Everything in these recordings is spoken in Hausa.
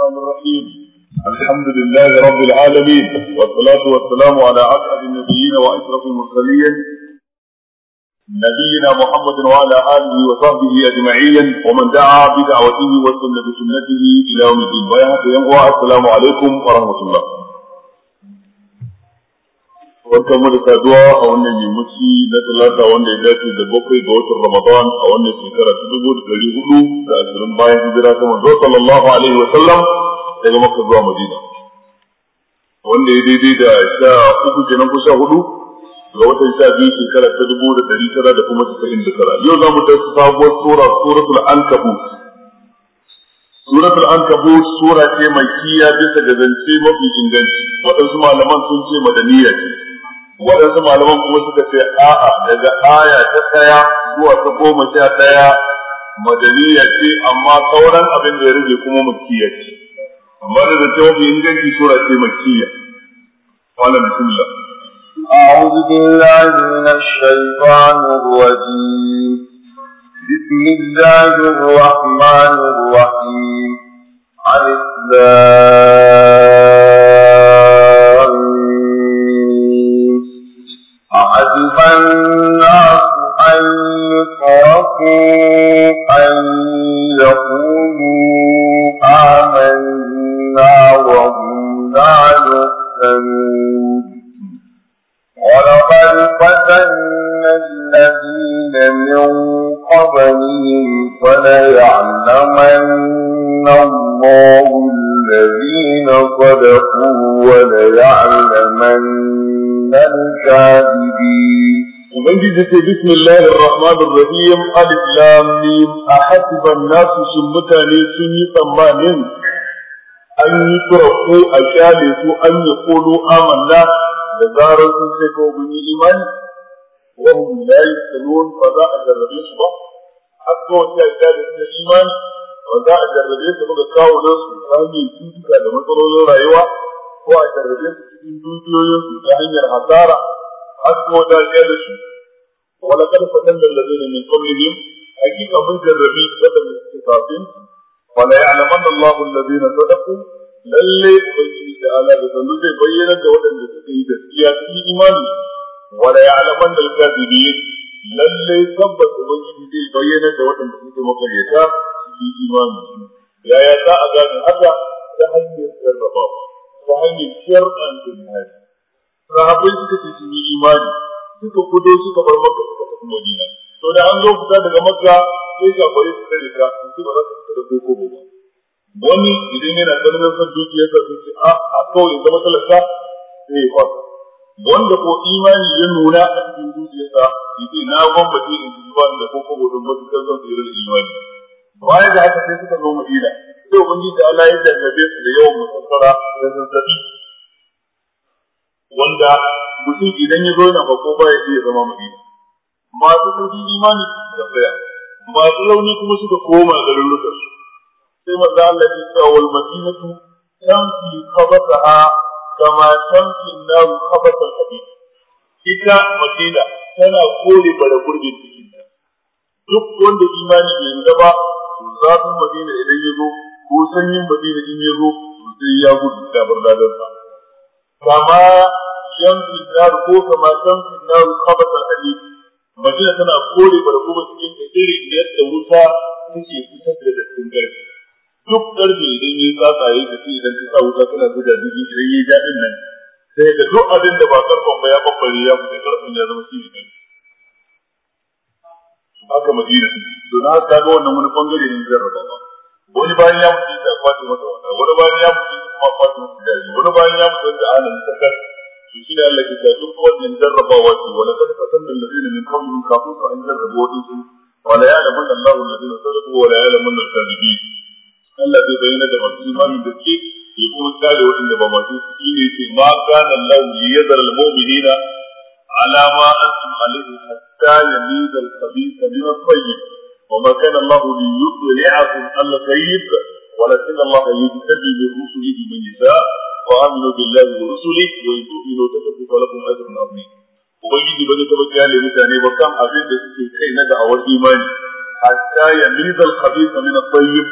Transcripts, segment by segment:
الرحمن الرحيم الحمد لله رب العالمين والصلاة والسلام على أسعد النبيين وأشرف المرسلين نبينا محمد وعلى آله وصحبه أجمعين ومن دعا بدعوته وسنة سنته إلى يوم الدين السلام عليكم ورحمة الله barka mu da saduwa a wannan yammaci na talata wanda ya dace da bakwai ga watan ramadan a wannan shekara ta dubu da dari hudu da ashirin bayan hijira ta manzo sallallahu alaihi wa sallam daga makka zuwa madina wanda ya daidai da sha uku kenan ko sha hudu ga watan sha biyu shekara ta dubu da dari tara da kuma casa'in da tara yau za mu tafi sabuwar sura suratul ankabut suratul ankabut sura ce mai kiya ta ga zance mafi inganci waɗansu malaman sun ce madaniya ce waɗansu malaman kuma suka ce a'a daga aya ta ɗaya zuwa ta goma sha ɗaya madaniya ce amma sauran abin da ya rage kuma makiya ce amma da zance mafi inganci sura ce makkiya wala bismillah أعوذ بالله من الشيطان الرجيم بسم الله الرحمن الرحيم عن السلام أعجب الناس أن يتركوا أن يقولوا آمنا وهم لا يحزنون ولقد فتنا الذين من قبلهم فليعلمن الله الذين صدقوا وليعلمن الكاذبين Ubangiji ce bismillahir rahmanir rahim alif lam mim ahasiban nasu sun mutane sun yi tsammanin an yi turaku a kyale su anyi yi kolo بزار المشرك وبني إيمان وهم لا يسألون فضاء الذي يصبح حتى وشاء إذا لم يسمن فضاء الذي يصبح كاو نفس الثاني يجوزك على مطره يرى يوى هو الذي يصبح يجوزه يصبح يعني الحسارة حتى وشاء إذا لم يسمن ولقد فتن الذين من قبلهم أجيب من جربي بدل الاستفاقين فلا يعلمن الله الذين صدقوا للي بيجي ta'ala da sanu zai bayyana da waɗanda suka yi gaskiya cikin imani wala ya'laman dal kadibin lalle tabbas ubangiji zai bayyana da waɗanda suke makaryata fi imani yaya za a gane haka ta hanyar jarraba ta hanyar shar'an dunyari sahabbai suka ce sun yi imani suka kudo suka bar maka suka tafi madina to da an zo fita daga makka sai ga bari su kare ka su ba za su fita da koko ba wani idan yana ganin son dukiyarsa sai ah, ce a a kawai zama talaka sai ya kwaso wanda ko imani ya nuna a cikin zuciyarsa ya ce na gwamnati in ji ba da koko gudun matuƙar son tsere da imani baya da haka sai suka zo madina sai ubangiji da Allah ya jarrabe su da yawan musassara da zazzabi wanda mutum idan ya zo yana ko baya iya zama madina masu sauƙin imani da tsaya masu launi kuma suka koma garin lukarsu sai manzo Allah ya ce wal madinatu tamfi khabataha kama tamfi nam khabata hadid ita madina tana kore bara gurbin cikin ta duk wanda imani bai yarda ba to zafin madina idan ya zo ko sanyin madina idan ya zo sai ya gudu da bardadan sa kama yanzu nar ko kama tamfi nam khabata hadid madina tana kore bara gurbin cikin ta irin yadda wuta take fitar da dattin garfi duk karfe idan ya yi tsatsa ya tafi idan ka sa wuta kana buga dubi idan ya ja din nan sai da duk abin da ba karfan ba ya babbare ya fita karfin ya zama cikin ne haka madina to na ka ga wannan wani bangare ne zai raba ba wani bayan ya mutu da kwace mata wata wani bayan ya mutu kuma kwace mata da wani bayan ya mutu da anan sakar to shi ne Allah ke ta duk wannan jarrabawa ce wani wala kad fatanna alladhina min qablihim kafuru an jarrabu wa la ya'lamu Allahu alladhina sadaqu wa la ya'lamu al-kadhibin Allah zai bayyana da masu imani da ke ya kuma kare waɗanda ba masu shi ne ce ma kana lahu liyadar al-mu'minina ala ma antum alayhi hatta yamiza al-khabitha min at-tayyib wa ma kana Allah liyudli'akum al-ghaib ولكن الله يجتبي برسله من يشاء وآمنوا بالله ورسله وإن تؤمنوا تكفوا لكم أجر عظيم ubangiji ba zai taɓa kyale mutane ba kan abin da suke kai na da'awar imani hatta ya mizal khabisa min at-tayyib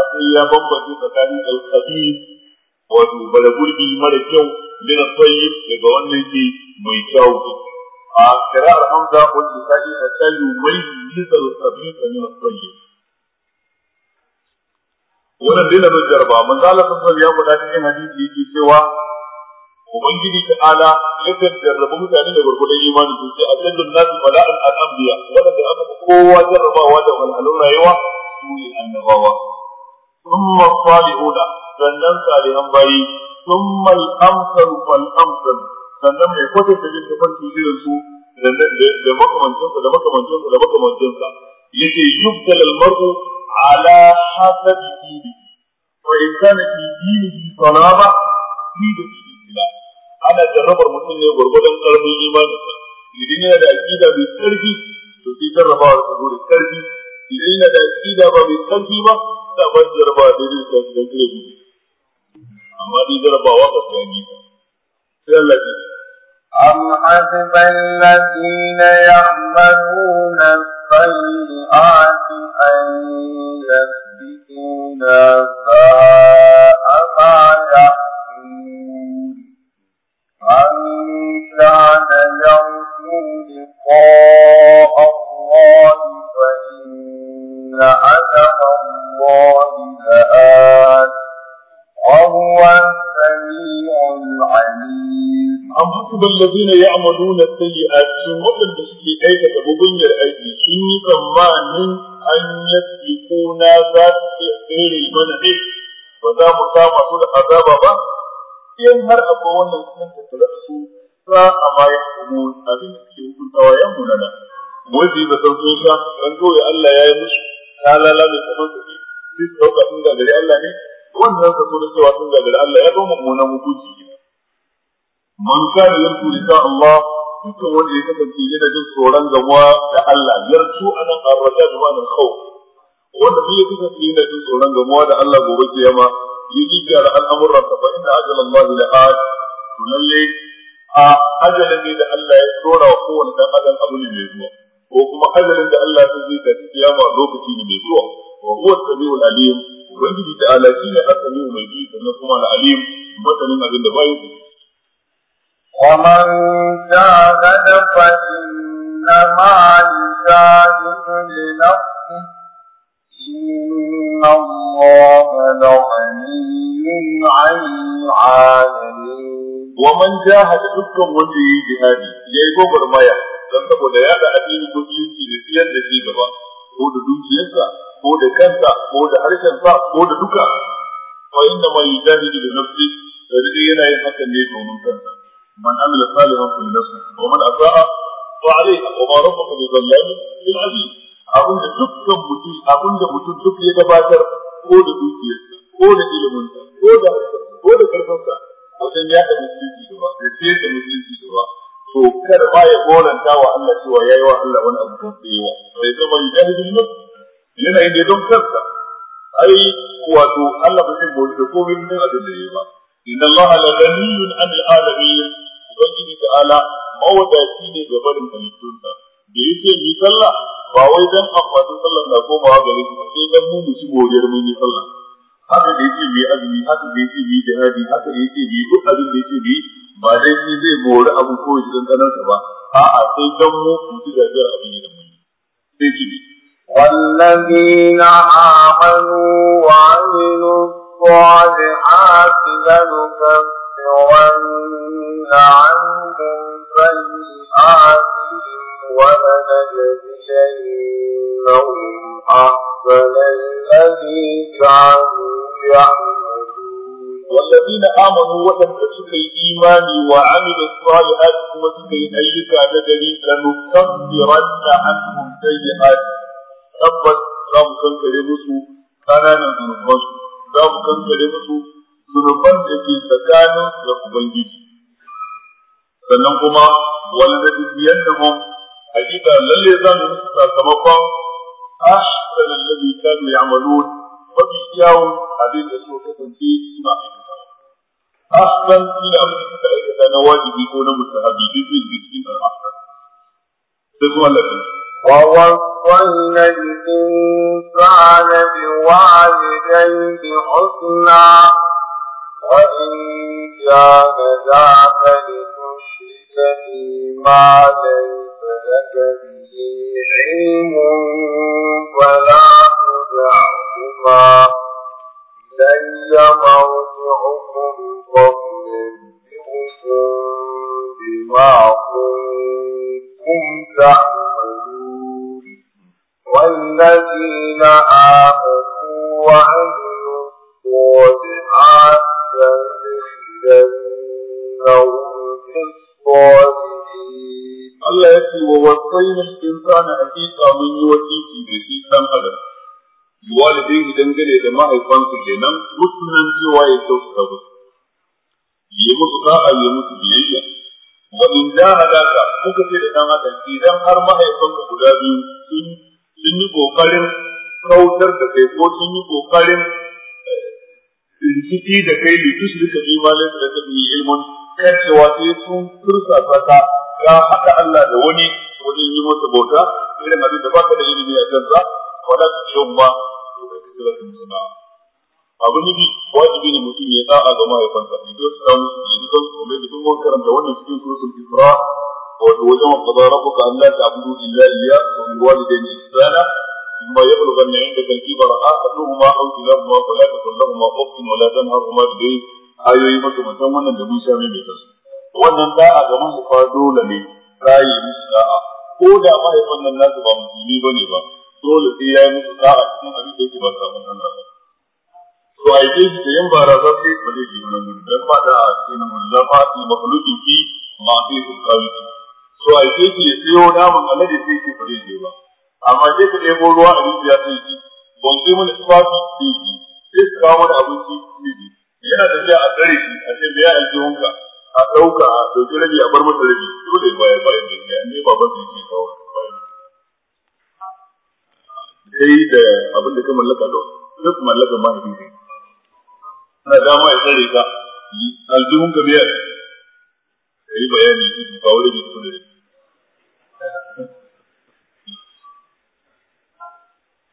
akwai ya bambance tsakanin al-khabir wato balagurbi mara kyau min tsayi, daga wannan ke mai kyau a kirar hamza wal nisa'i hatta mai, al-khabir da at tsayi wannan dai na jarba manzo Allah sallallahu ya faɗa cikin hadisi yake cewa ubangiji ta ala yakan jarrabu mutane da gurgurdan imani su ce ajaddun nasu bala'an al-anbiya da aka kowa jarrabawa da walhalun rayuwa su ne annabawa ثم الصالحون sannan salihan bayi ثم الأمثل فالأمثل sannan mai kwatanta jin tafarki irin su da makamancinsa da makamancinsa da makamancinsa yake yubdal almar'u ala hasabi dini wa in kana fi dinihi salama fi da ila ana jarrabar mutum ne gurgurdan karfin imaninsa idan yana da aqida mai karfi to sai jarrabawa ta zo da karfi idan yana da aƙida ba mai ƙarfi ba da ba su jarba da zai ta gidan kare gudu amma dai jarabawa ba su yi ba sai Allah ya أم حسب الذين يعملون السيئات أن يسبقونا ساء ما يحكمون من كان يرجو لقاء الله فإن عزم الله لآت وهو السميع العليم أم حسب الذين يعملون السيئات sun waɗanda suke aikata mugunyar aiki sun yi tsammanin an yadda kuna za su tsere mana ne ba za mu kama su da azaba ba in har akwai wannan sun za a da suke hukuntawa yan munana. wai su san zaton sun sha don kawai Allah ya yi musu ta lalata kamar su ne su su dauka sun gagari Allah ne wannan sa da cewa sun gagari Allah ya zama mummunan hukunci man kana yarku ta Allah dukkan wanda ya kasance yana jin tsoron gamuwa da Allah yarsu anan arraja da wannan kawo. wanda duk ya kasance yana jin tsoron gamuwa da Allah gobe kiyama yi gyara al'amuran ta fa inna ajala Allah la'at lalle a ajalin da Allah ya tsora wa kowane dan adam abu ne mai zuwa ko kuma ajalin da Allah ya zai tafi kiyama lokaci ne mai zuwa wa huwa samiul alim ubangiji ta ala shi ne asali mai ji sannan kuma al alim masanin abin da bai ومن ta فإنما يجاهد لنفسه إن الله لغني عن العالمين ومن جاهد dukkan wanda جهادي jihadi yayi gogarmaya don saboda ya da addinin musulunci da siyar da shi gaba ko da dukiyarsa ko da kansa ko da harshensa ko da duka fa inna ma yujahidu li nafsi da dai yana yin hakan ne domin kansa man amila salihan fi nafsi wa man asaa fa alayha wa ma rabbuka bi zallamin lil abun da dukkan mutum abinda mutum duk ya gabatar ko da dukiyarsa ko da iliminsa ko da ko da karfinsa wajen da musulunci gaba da ce da musulunci ba. to kar ba ya goranta wa Allah cewa yayi wa Allah wani abu da sai wa sai zama yajahidul nafs yana inda don kansa ai wato Allah ba zai gori da komai ne abin da yayi ba inna Allah la ghaniyun 'anil 'alamin ubangiji ta'ala mawadaci ne ga barin halittunsa da yake yi sallah ba wai dan akwatin sallah na komawa gare shi sai dan mu mu ci godiyar mun yi sallah haka da yake yi azumi haka da yake yi jihadi haka da yake yi duk abin da yake yi ba dai ni zai bi wani abu ko wani cikin kanarsa ba a a sai kan mu ku ji gajiyar abin da mu sai ki ne. والذين آمنوا وعملوا الصالحات لنكفرن عنهم سيئاتهم ولنجزينهم أحسن الذي كانوا يعملون والذين آمنوا وتنفسكي إيماني وعملوا الصالحات وتنفسكي أيك ندري لنكفرن عنهم سيئات تبت رام كنكري مسو قنانا ذنوبان رام كنكري مسو ذنوبان التي سكانا لقبنجي sannan kuma wanda biyan da mu hakika lalle zan sakamakon ahsan alladhi kanu ya'malun wa bi yawm hadin da su kasance suna ahsan shi da abin da suka aikata na wajibi ko na mutahabi duk zai ووصينا الإنسان بوالديه حسنا وإن جاهداك لتشرك بي ما ليس لك به علم فلا تدعهما إلي مرجعكم فأنبئكم بما كنتم تعملون والذين آمنوا وعملوا الصالحات لندخلنهم في الصالحين الله يكفي ووصينا الإنسان حقيقة من يوتيكي بشيء لم أدرك walidaihi dangane da mahaifansu kenan mutunan cewa ya kyautata musu yi musu ka'a yi musu biyayya wa in jahadaka kuka ce da dan adam idan har mahaifanka guda biyu sun yi kokarin kautar da kai ko sun yi kokarin eh, rikici da kai bi tushrika bi ma da laka bi ilmun kan cewa sai sun tursa fata ga haka Allah da wani wajen yi masa bauta irin abin da baka da ilimi a kansa wala ta yumma sirrin musana abin nufi wajibi ne mutum ya da'a ga mahaifansa ne da wasu kawo su yi kan su kuma da duk wani karanta wannan cikin suratul isra wato wajen kaza rabbuka an la ta'budu illa iyya wa bil walidayni ihsana imma yablughanna 'indaka al-kibara ahaduhuma aw kilahuma fala taqul lahumā uff wa la tanharhumā bidayni ayoyi makamantan wannan da mun sha mai kasu wannan a ga mahaifa dole ne kayi musu da'a ko da mahaifan nan nasu ba musulmi bane ba dole sai ya yi musu sa'a cikin abin da yake ba sabon Allah ba to a yake shi da yin baraza sai ba zai yi wani wuri ba fada a cikin mulla fa ni makhluqin fi ma fi sulqawi to a yake shi ya sayo namun alade sai shi ba zai je ba amma sai ka ɗebo ruwa a rijiya sai ki ban sai mana tufafi sai ki sai su kawo mana abinci sai ki yana tafiya a tsare shi a ce me ya aljihunka a ɗauka a ɗauki rabi a bar masa rabi dole bayan bayan da ya ne ba ba sai ki kawo kai da abin da ka mallaka da duk mallaka mahaifi ne na dama ya tsare ka aljihun ka biyar ka yi bayani ba wani bai kuma da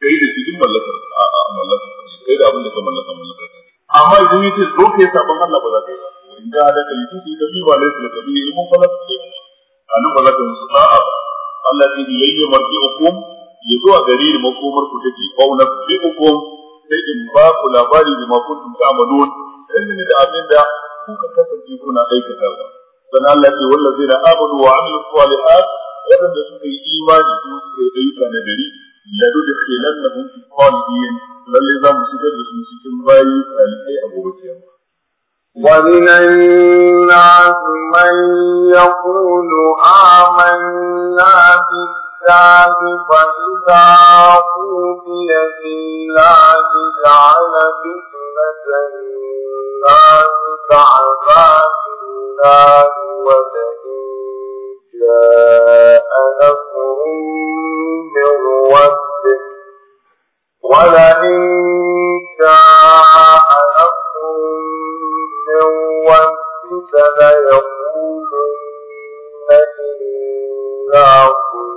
kai da cikin mallaka. a mallakar kai da abin da ka mallaka mallaka amma idan yace zo ke sabon Allah ba za ka yi ba in da hada kai su ka bi ba lai su da bi mun fara su ke. ba za ka musu da'a ba Allah ya yi marji'ukum ya zuwa gari da makomar ku take fauna bi bibukum sai in ba ku labari da ma kuntum amalon dangane da abin da kuka kasance kuna aikatawa dan Allah ce wallazina amanu wa amilu salihat wadanda suka yi imani su suka yi ayyuka na gari ladu da khilan na hunki kwaliyin lalle za mu shigar da su cikin bayi salihai a gobe kiyama ومن الناس من يقول آمنا بالله الكتاب فإذا أوتي بالله جعل فتنة الناس كعباد الله ولئن جاء نصر من ربك ولئن جاء نصر من ربك ليقولن إنا كنا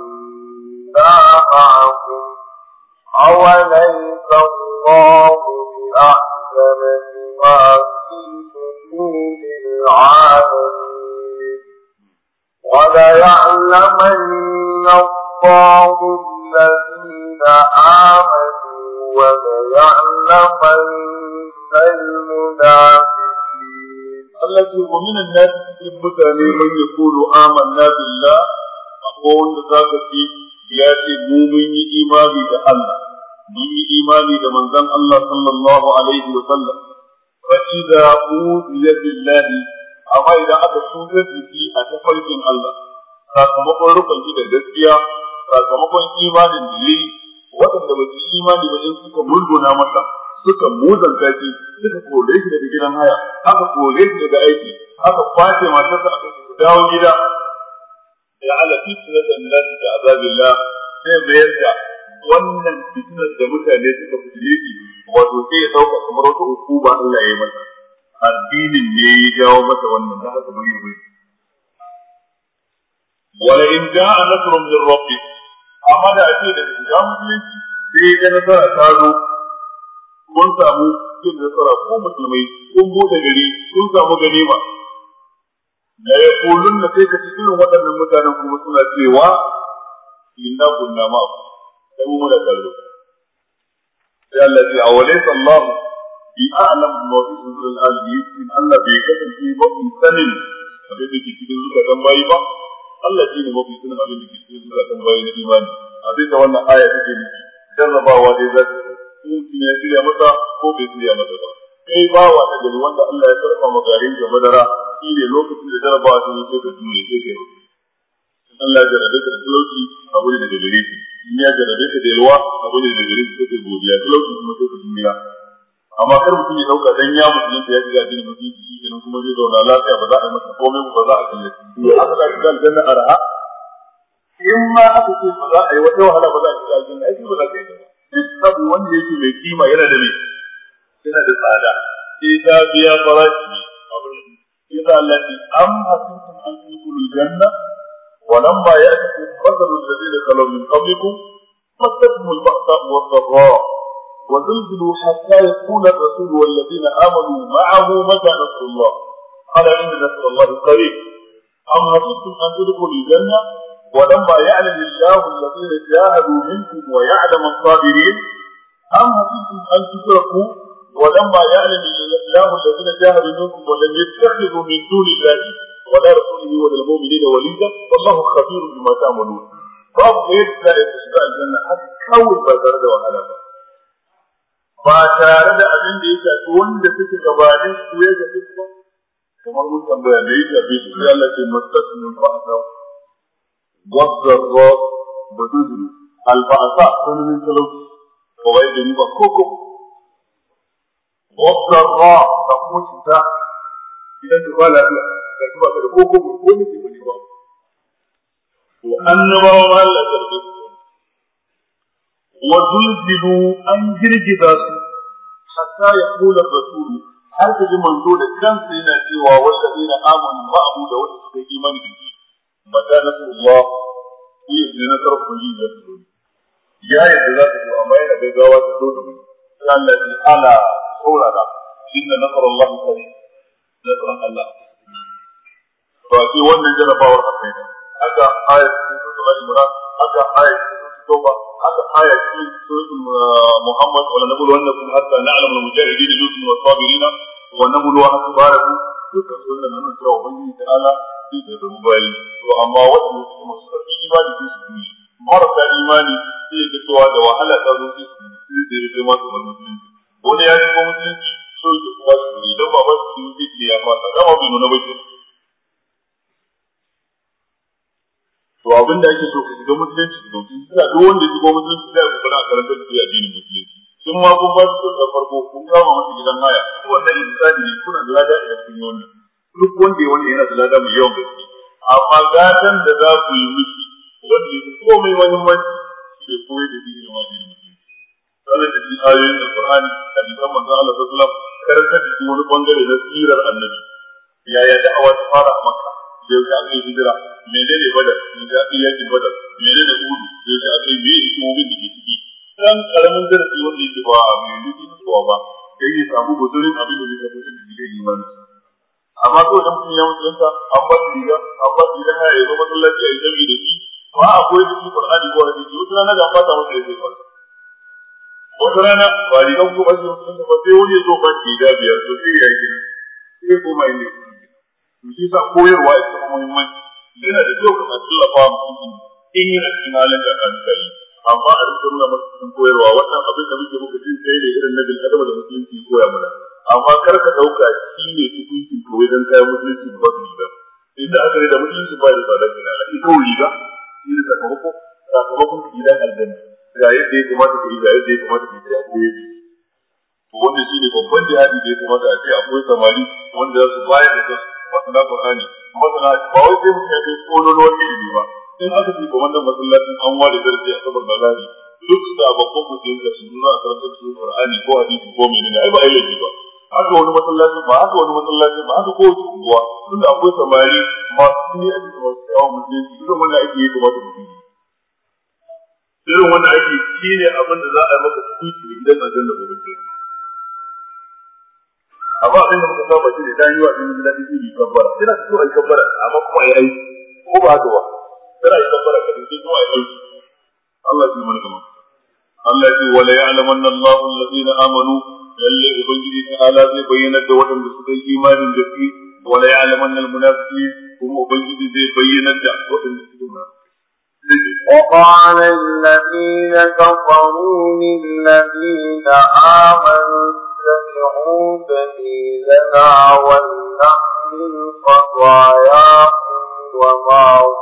معهم أوليس الله بأحكم بما في صدور العالمين وليعلمن الله الذين آمنوا وليعلمن المنافقين التي ومن الناس يبقى من يقول آمنا بالله أقول ذاك فيه ya ce mu mun yi imani da Allah mun yi imani da manzon Allah sallallahu alaihi wa sallam fa idza uziya billahi amma idan aka tsoye jiki a tafarkin Allah sakamakon rukun da gaskiya sakamakon imanin da yayi waɗanda ba su imani ba in suka murguna masa suka muzanta shi suka kore shi daga gidan haya aka kore shi daga aiki aka kwace matarsa aka dawo gida ya ala fitnat an-nas ka azabillah sai bayar da wannan fitnar da mutane suka fitile shi wato sai ya dauka kamar wata hukuma Allah ya yi mata addinin ne ya jawo mata wannan da haka bari bai wala in ja'a nasrun min rabbik amma da ake da shiga musulunci sai ya nasara ta zo kun samu cin nasara ko musulmai kun bude gari kun samu ganima la yaqulunna sai ka cikin waɗannan mutanen kuma suna cewa inna kunna ma sai mu da kallo sai Allah ya wale sallahu bi a'lam bi ma fi sudur al in Allah bai kasance ba in sanin abin da ke cikin zukatan bayi ba Allah shi ne mafi sunan abin da ke cikin zukatan bayi na imani abin da wannan aya take nufi jarrabawa dai za ta ko kuma ya shirya masa ko bai shirya masa ba kai bawa ta wanda Allah ya karfa magarin da madara shi ne lokacin da jarabawa ta zo sai ka jure sai ka yi Allah jarabe ka da talauci a gudu daga gare shi in ya jarabe ka da yalwa a gudu daga gare shi sai ka godiya talauci kuma sai ka juriya amma kar mutum ya ɗauka dan ya musulunta ya shiga addinin musulunci shi kenan kuma zai zauna lafiya ba za a yi masa komai ba za a kalle shi ya aka da shiga aljanna araha in ma aka ce ba za a yi wata wahala ba za a shiga aljanna ai ba za ka yi ba duk abu wanda yake mai kima yana da me yana da tsada sai ta biya farashi التي أم أن تدخلوا الجنة ولما يأتكم مثل الذين خلوا من قبلكم مستهم البأساء والضراء وزلزلوا حتى يقول الرسول والذين آمنوا معه متى نصر الله قال إن نصر الله قريب أم حسبتم أن تدخلوا الجنة ولما يعلم الله الذين جاهدوا منكم ويعلم الصابرين أم حسبتم أن تتركوا ولما يعلم الله الذين جاهدوا منكم ولم يتخذوا من دون الله ولا رسوله ولا المؤمنين وليدا والله خبير بما تعملون باب ايه لا يتشبع الجنة حتى كون بزرد وحلبا ما تارد أبين ديك أتون دفت كبارين سوية دفت كما قلت أن بيانيك بيسوك الله كمستك من رحمة وقت الله بدوزن البعثاء سنة من سلوك وغير دنيا كوكو والضراء تقوم الشتاء إذا تبالى لا تبالى تبوكم وكل شيء من يوم وأن ما لا تبوكم وزلزلوا أن جرجدات حتى يقول الرسول هل تجي منزول كم سنة سوى والذين آمنوا معه لو تسقي إيمان به متى نصر الله ويبني نصر كل يا يا يا ذات الله ما ينبغي غاوة دونه الذي على إن نظر الله كريم نظر الله فأتي وانا جنة باور حقين أجا حاية سيدة الإمران أجا حاية سيدة التوبة أجا حاية سيدة محمد ولا نقول أنكم حتى نعلم المجاهدين جزء من الصابرين ونقول أنكم بارك كيف أن نسرع بني تعالى سيدة المبايل وأما وجه مصر في إيمان مرة إيماني سيدة التوبة وحلقة سيدة المبايل wani ya shiga mutunci so ki kuma su ne don ba su yi mutunci ya fata dama bai nuna bakin to abin da ake so ka shiga mutunci da mutunci suna duk wanda ya shiga mutunci da ya kuma a karantar da ya addinin mutunci in ma kun ba su da farko kun kama masa gidan haya duk wannan insani ne kuna da lada idan kun yi wannan duk wanda ya wanda yana da lada mai yawan gaske amma gatan da za ku yi miki wanda ya komai muhimmanci ke koyi da ayoyin alqur'ani da bisan manzon Allah sallallahu alaihi wasallam karantar da wani bangare na sirar annabi yaya da'awa ta fara a makka yau da aka yi hijira menene badar yau da iya yi yakin badar menene da yau da aka yi ko hukumomin da ke ciki dan karamin darasi wanda yake ba a mai nufi ko ba sai ya samu gudurin abin da yake da shi yi imani amma ko da mutum ya mutunta an ba shi riga an ba shi ya zo masallaci a yi da shi ba a koyi da shi qur'ani ko hadisi wata na da an ba yake masa ya wata rana ba rigan ko ba sun ba sai wani ya zo ba ki da biyar to sai ya gina sai koma inda ya to shi sa koyarwa ya zama muhimmanci yana da kyau ka tallafa mutum in yana cikin halin da kan kai amma a rikin nuna masu cikin koyarwa wannan abin da muke muka jin kai ne irin na bil'adama da musulunci koya mana amma kar ka ɗauka shi ne tukunci to wajen kayan musulunci ba su riga inda aka yi da musulunci ba da tsada kina ita kawai riga shi ne sakamako sakamakon gidan aljanna ga yadda ya kamata ku yi ga yadda ya kamata ku yi da koyi to wannan shine babban jihadi da ya kamata a ce akwai samari wanda za su bayar da kansu masana Qur'ani masana ba wai sai mutum ya kai kololuwar ilimi ba in aka ce wannan masallacin an ware darasi a sabar bazari duk da babban mutum da su nuna a karantar su Qur'ani ko hadisi ko menene ai ba a yi laifi ba Aka wani masallacin ba aka wani masallacin ba aka kowace unguwa tunda akwai samari masu ne a cikin masu yawon mutum duk da wannan aiki ya kamata mutum irin wanda ake shi ne abin da za a yi maka tukunci da gidan aljanna gobe ce amma abin da muka saba shi ne ta yi wa abin da daɗi shi kabbara yana so a yi kabbara amma kuma a yi aiki ko ba haka ba Yana yi kabbara ka dai kuma a yi aiki Allah shi mana gama Allah shi wala ya'lamanna Allahu alladhina amanu lalle ubangiji ta ala zai bayyana da waɗanda suka yi imanin gaske wala ya'lamanna nan munafiqin kuma ubangiji zai bayyana da waɗanda suka yi وقال الذين كفروا للذين آمنوا اتبعوا سبيلنا ولنحمل خطاياكم وما هم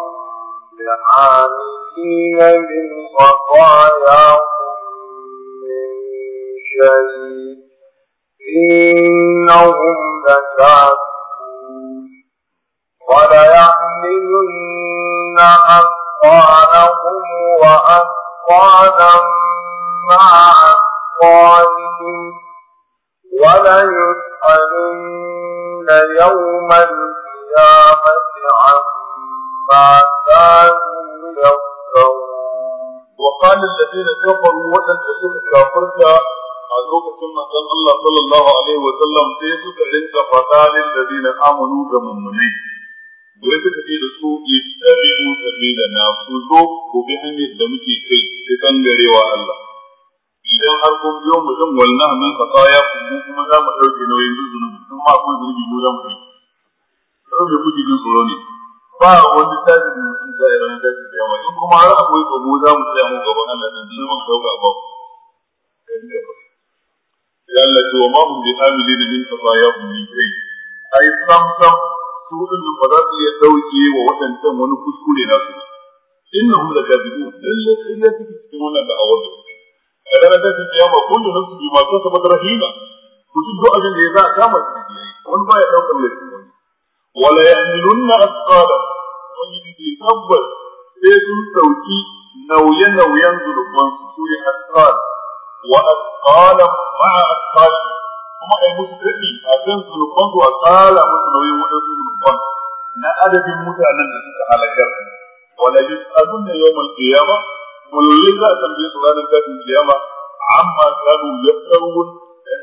بحاملين من خطاياكم من شيء إنهم لكاذبون وليحملن أكثر أثقاله وأثقالا مع أثقاله وليسألن يوم القيامة عما كانوا يفرون وقال الذين كفروا وأن تسوك كافرك a lokacin manzon Allah sallallahu alaihi wa sallam sai suka rinka fada lil ladina amanu ga mu'minai wai suka ce da su ittabi'u sabila na ku zo ku bi hanyar da muke kai ta kangarewa Allah idan har kun biyo mu walna wallahi min khataya ku kuma za mu dauke nauyin zunubi kun ma kun zunubi mu za mu dauke sau da kuke jin tsoro ne ba wani tashi da mutum da irin tashi da yawa in kuma har akwai ko mu za mu tsaya mu gaban Allah da zunubin dauka ba ya Allah ce wa ma hum bi amilin min khataya hum min kai ai sam sam su waɗannan ba za su iya ɗauke wa waɗancan wani kuskure na su innahum lakazibu lalle kariya suke cikin wannan da'awar da suke a ranar tashin kiyama kullu nafsu bi ma kasabat rahina mutum duk abin da ya za a kama su da wani ba ya ɗaukar laifin wani wala yahmilunna asqala wani da ke tabbas sai sun ɗauki nauye-nauyen zurfin su ne asqal wa asqala ma'a asqali kuma ai musu kaɗi a kan zurfin su asqala musu nauyin waɗansu na adadin mutanen da suka halakar wala yus'aluna yawmal qiyama kullun za a tambaye su ranar tashin kiyama amma kanu da dan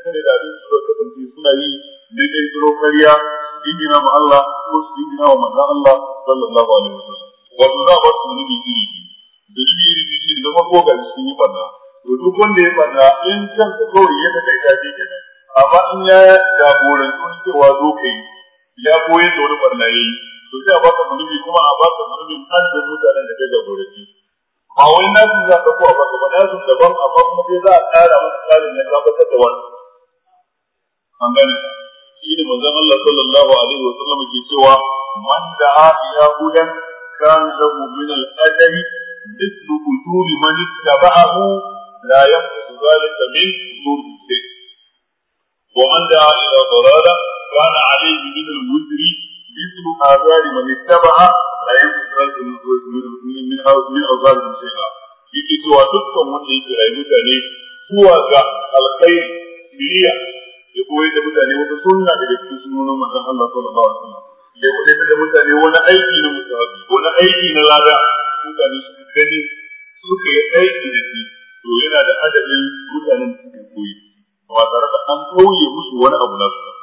kare da abin su kasance suna yi da zuro tsoro kariya dingina ma Allah ko su dingina wa manzon Allah sallallahu alaihi wa sallam. wato za a ba su nabi iri da iri iri shi da farko ga su yi banna to duk wanda ya banna in kan kawai ya kai ta kenan amma in ya jagoranci cewa zo kai ya koyar da wani barna yayi to sai a baka zunubi kuma a baka zunubin kan da mutanen da kai jagoranci ba wai na su za ka kowa ba, baka ba na su daban amma kuma sai za a ƙara masa tsarin ya tabbatar da wani an gane shi ne manzon Allah sallallahu alaihi wa sallam ke cewa man da'a ila hudan kan lahu min al-ajri mithlu ujuri man ittaba'ahu la yanqusu dhalika min ujuri shay'in ومن دعا إلى ضلالة كان عليه من الوزر مثل آثار من اتبع لا يمكن من من أوزار من شيئا yake cewa dukkan wanda yake rayu mutane zuwa ga alkhairi biriya ya koyi da mutane wata sunna daga cikin sunonin manzon Allah sallallahu alaihi wasallam ya koyi da mutane wani aiki na mutahabi wani aiki na lada mutane suka gani suka aiki da shi to yana da adadin mutanen da suke koyi ba tare an koye musu wani abu na su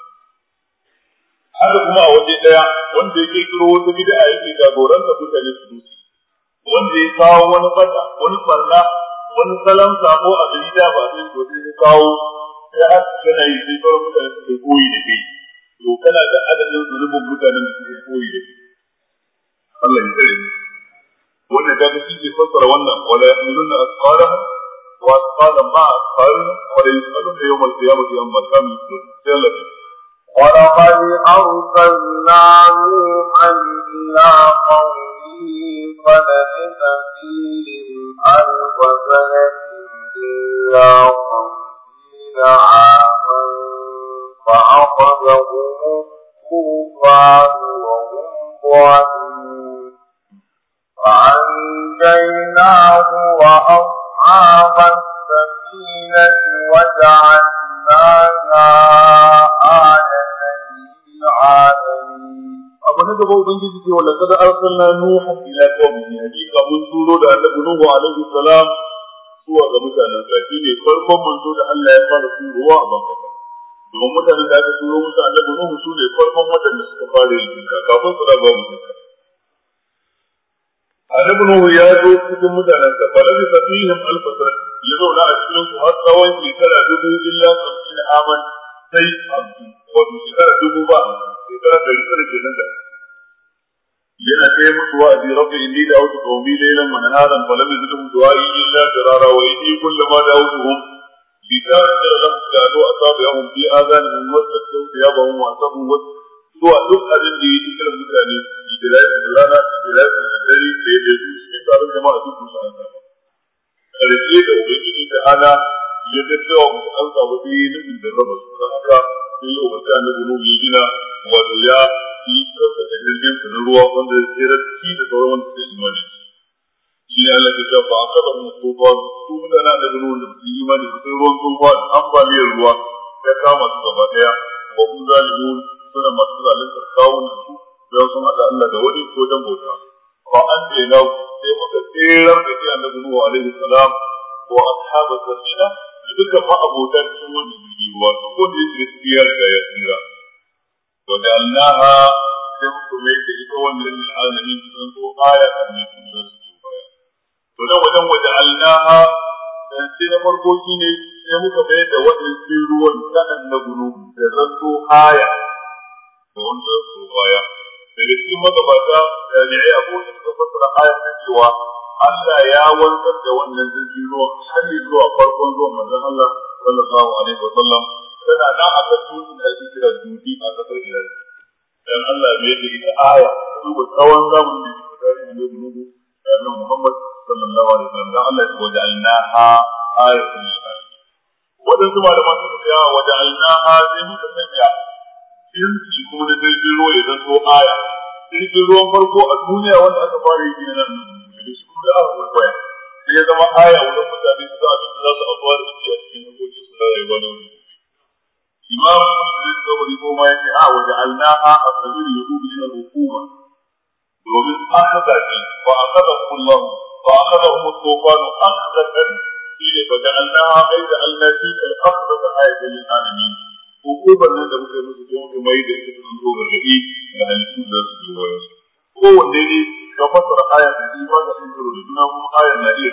haka kuma a waje daya wanda ya kirkiro wata a yake jagoranta mutane su dutse, wanda ya kawo wani bata wani barna wani salon sako a gari ba zai to sai ya kawo sai har kana yi sai sauran mutane su kai koyi da kai to kana da adadin zulubin mutanen da suke koyi da kai Allah ya tsare mu wannan kaga shi ke fassara wannan wala ya'maluna asqalahum wa asqalan ma asqalahum wa la yus'aluna yawmal qiyamati amma kanu yus'alun ولقد أرسلنا نوحا إلى قومه فلبث فيهم ألف سنة إلا خمسين عاما فأخذهم الطوفان وهم ظالمون فأنجيناه وأصحاب السفينة وجعلناه abu na gaba ubangiji ke wala kada arsalna nuhu ila qaumihi hakika mun turo da annabi nuhu alaihi salam zuwa ga mutanen sa shine farkon manzo da Allah ya fara turowa a banka domin mutanen da aka turo musu annabi nuhu su ne farkon wadanda suka fara yin shirka kafin su raba mu shirka annabi nuhu ya zo cikin mutanen sa fa labi fatihim alfasar ya zauna a cikin su har tsawon shekara dubu illa hamsin aman sai hamsin wato shekara dubu ba shekara dari tara ke nan da yana kai musu wa'azi rabbi inni da'awtu qawmi laylan wa naharan fa lam yazidhum du'a'i illa dirara wa inni kullama da'awtuhum لتأثر لهم جعلوا أصابعهم في آذانهم واستكسروا ثيابهم وأصابوا zuwa duk abin da ya yi kiran mutane idan rana idan dare da ya yi su ne tsarin jama'a duk musu an Karfe da ubangiji ta ala ya ta cewa mu an samu sai ya nufin da raba su da haka sai ya umarci annabi nuhu ya gina wato ya yi da jirgin su na ruwa wanda ya tsira shi da sauran wanda suka imani shi ne Allah ya tafa a kaba mu tsofa su mutane annabi nuhu da su imani su sai ruwan tsofa da ambaliyar ruwa ya kama su gaba daya wa kun zalimun suna masu zaluntar kawunan su don sun haɗa Allah da wani ko dan bauta ba an daina sai muka tseren da shi annabi wa alaihi salam a ashabu safina da duka ma'abotan cikin jirgi wato ko da yake tsiyar da ya tsira to da Allah sai muka mai da ita wannan alamin sun so baya a ne sun su baya to da wajen waje Allah dan sai na farko ne sai muka mai da wannan ruwan ta annabi Nuhu da zanto aya wanda ya so baya daga cikin magabata jami'ai abu da suka fassara ayar da cewa Allah ya wanzar da wannan jirgin ruwa har zuwa farkon zuwan manzon Allah sallallahu alaihi wa sallam tana nan a kan dutsen da ake kira dubi a kasar Iran dan Allah bai da ita aya duba tsawon zamanin da ke tarihi ne gudu da nan Muhammad sallallahu alaihi wa sallam dan Allah ya waje wajalna ha ayatul wadansu malaman suka ce wajalna ha sai muka sanya jinsi kuma na jirgin ruwa ya zanto aya jirgin ruwan farko a duniya wanda aka fara yi na nan da su kuma da aka kwaikwaya sai ya zama aya wurin mutane su za da za su abuwa da shi a cikin harkokin su na rayuwa na wuri imam musulun kawai ko ma yake a waje alnaha a sabiri ya dubi ila hukuma domin an haɗa shi ba a kada kullum ba a kada kuma tsofano an haɗa kan shi ne ba da alnaha bai da alnafi al'afirka a yi ganin alamin hukumar nan da muke juna kuma ayan na iya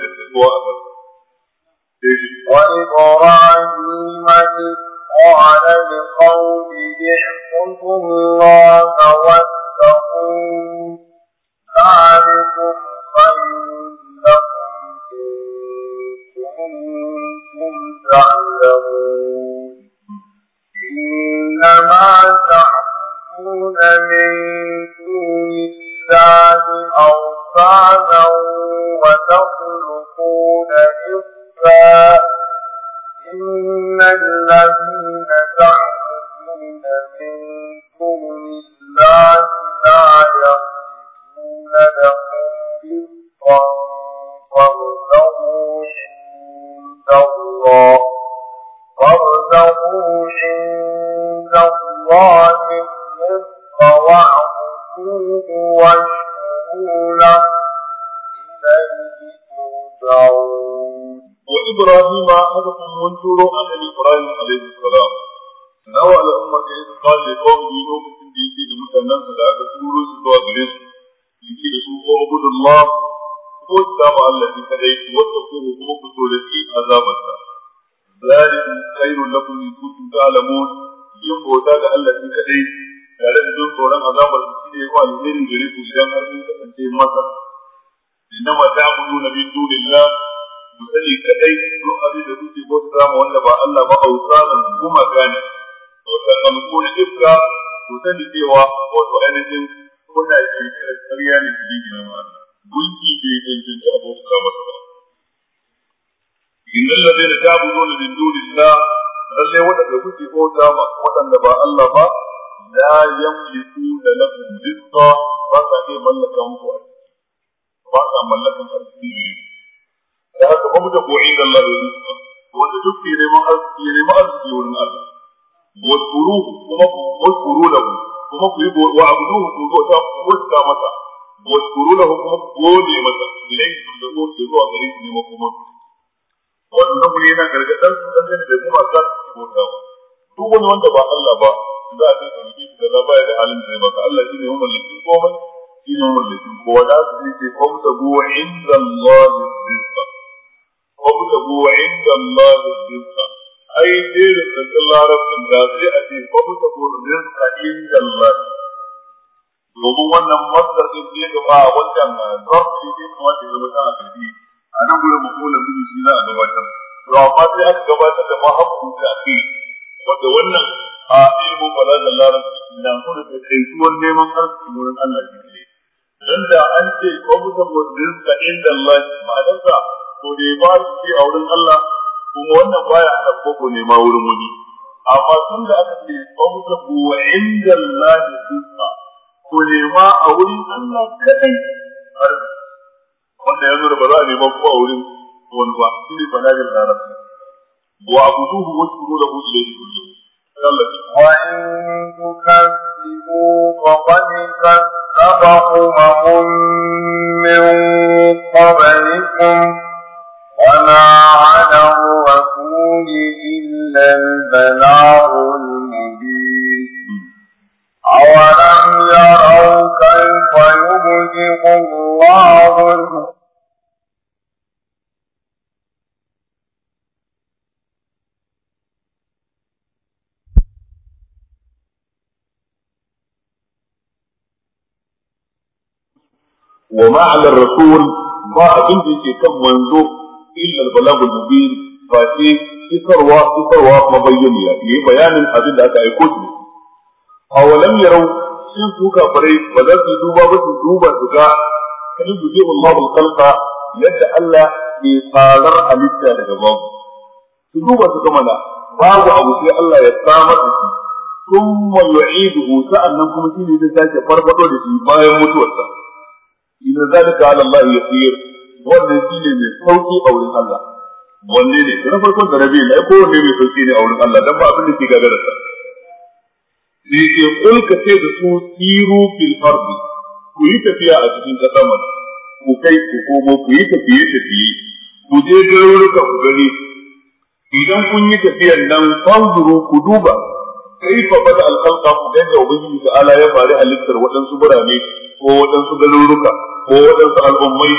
nuhu su bauta bauta masa washkuru lahu kuma gode masa ilayhi turja'un ke zuwa gare shi ne makoma wannan kuma yana gargadan su dan da kuma za su bauta ba duk wani wanda ba Allah ba za a ce ɗauki shi kaza baya da halin da zai baka Allah shine mu mallakin komai ne mu mallakin kowa da su ce fawtabu wa inda Allah rizqa fawtabu wa inda Allah rizqa ai dai da tsallar rabin da sai a ce fawtabu rizqa inda Allah domin wannan masdar din zai gaba wannan eh, drop din zai kuma da zama ta alƙalbi a nan gurin makolan bihi shi za a gabatar to amma sai aka gabatar da mahabbu da ake wanda wannan a ilmu bala da larabci na nuna da kaituwar neman arziki wurin Allah ne dan da an ce ko mutum mutum ka inda Allah ma'anarsa to da ba su ce a wurin Allah kuma wannan baya ana koko nema wurin wani amma tun da aka ce ko mutum wa inda Allah rizqa ku nema a wurin Allah kadai wanda ya da ba za a nema kuma a wurin wani ba shi ne balagin larabci wa abuduhu wa shukuru lahu ilayhi kullu wa in tukazzibu faqad kazzaba umamun min qablikum وما على الرسول إلا البلاغ أولم يروا كيف يبدئ الله وما على الرسول ما في كم منذ إلا البلاغ المبين فاتي إسروا ثروات مبينه يعني بيان هذا يكون a walam yarau shi su kafirai ba za su duba ba su duba su ga kan guje Allah bil khalqa yadda Allah ke tsarar halitta daga babu su duba su ga mana babu abu sai Allah ya samar da shi thumma yu'iduhu sa'annan kuma shi ne zai sake farfado da shi bayan mutuwarsa idan zalika ala Allah yasir wannan shi ne mai sauki a wurin Allah wanne ne na farkon da rabi ne ko wanne mai sauki ne a wurin Allah dan ba abin da ke gagararsa sai ce ka ce da su tsiru fil ardi ku yi tafiya a cikin ƙasar ku kai ku komo ku yi tafiye tafiye ku je garuruka ku gani idan kun yi tafiyan nan fanzuru ku duba kaifa bada alkhalqa ku ga ubangiji ta ala ya fari halittar waɗansu birane ko waɗansu garuruka ko waɗansu al'ummai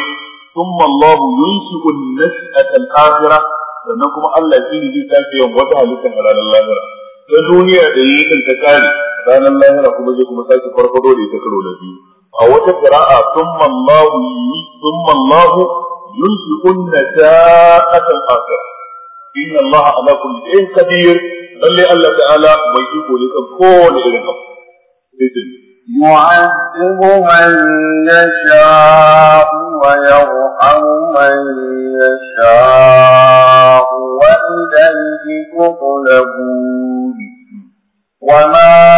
thumma Allah yunsiku an-nash'ata al-akhirah sannan kuma Allah shi ne zai tafi wata halittar a ranar lahira ta duniya da yi ta kare ranar lahira kuma zai kuma sake farfado da ita karo na biyu a wata qira'a thumma Allahu thumma Allahu yunfiqun nata'atal akhirah inna Allah ala kulli shay'in qadir lalle Allah ta'ala mai iko ne kan kowane irin abu sai يعذب من يشاء ويرحم من يشاء وإليه تقلبون وما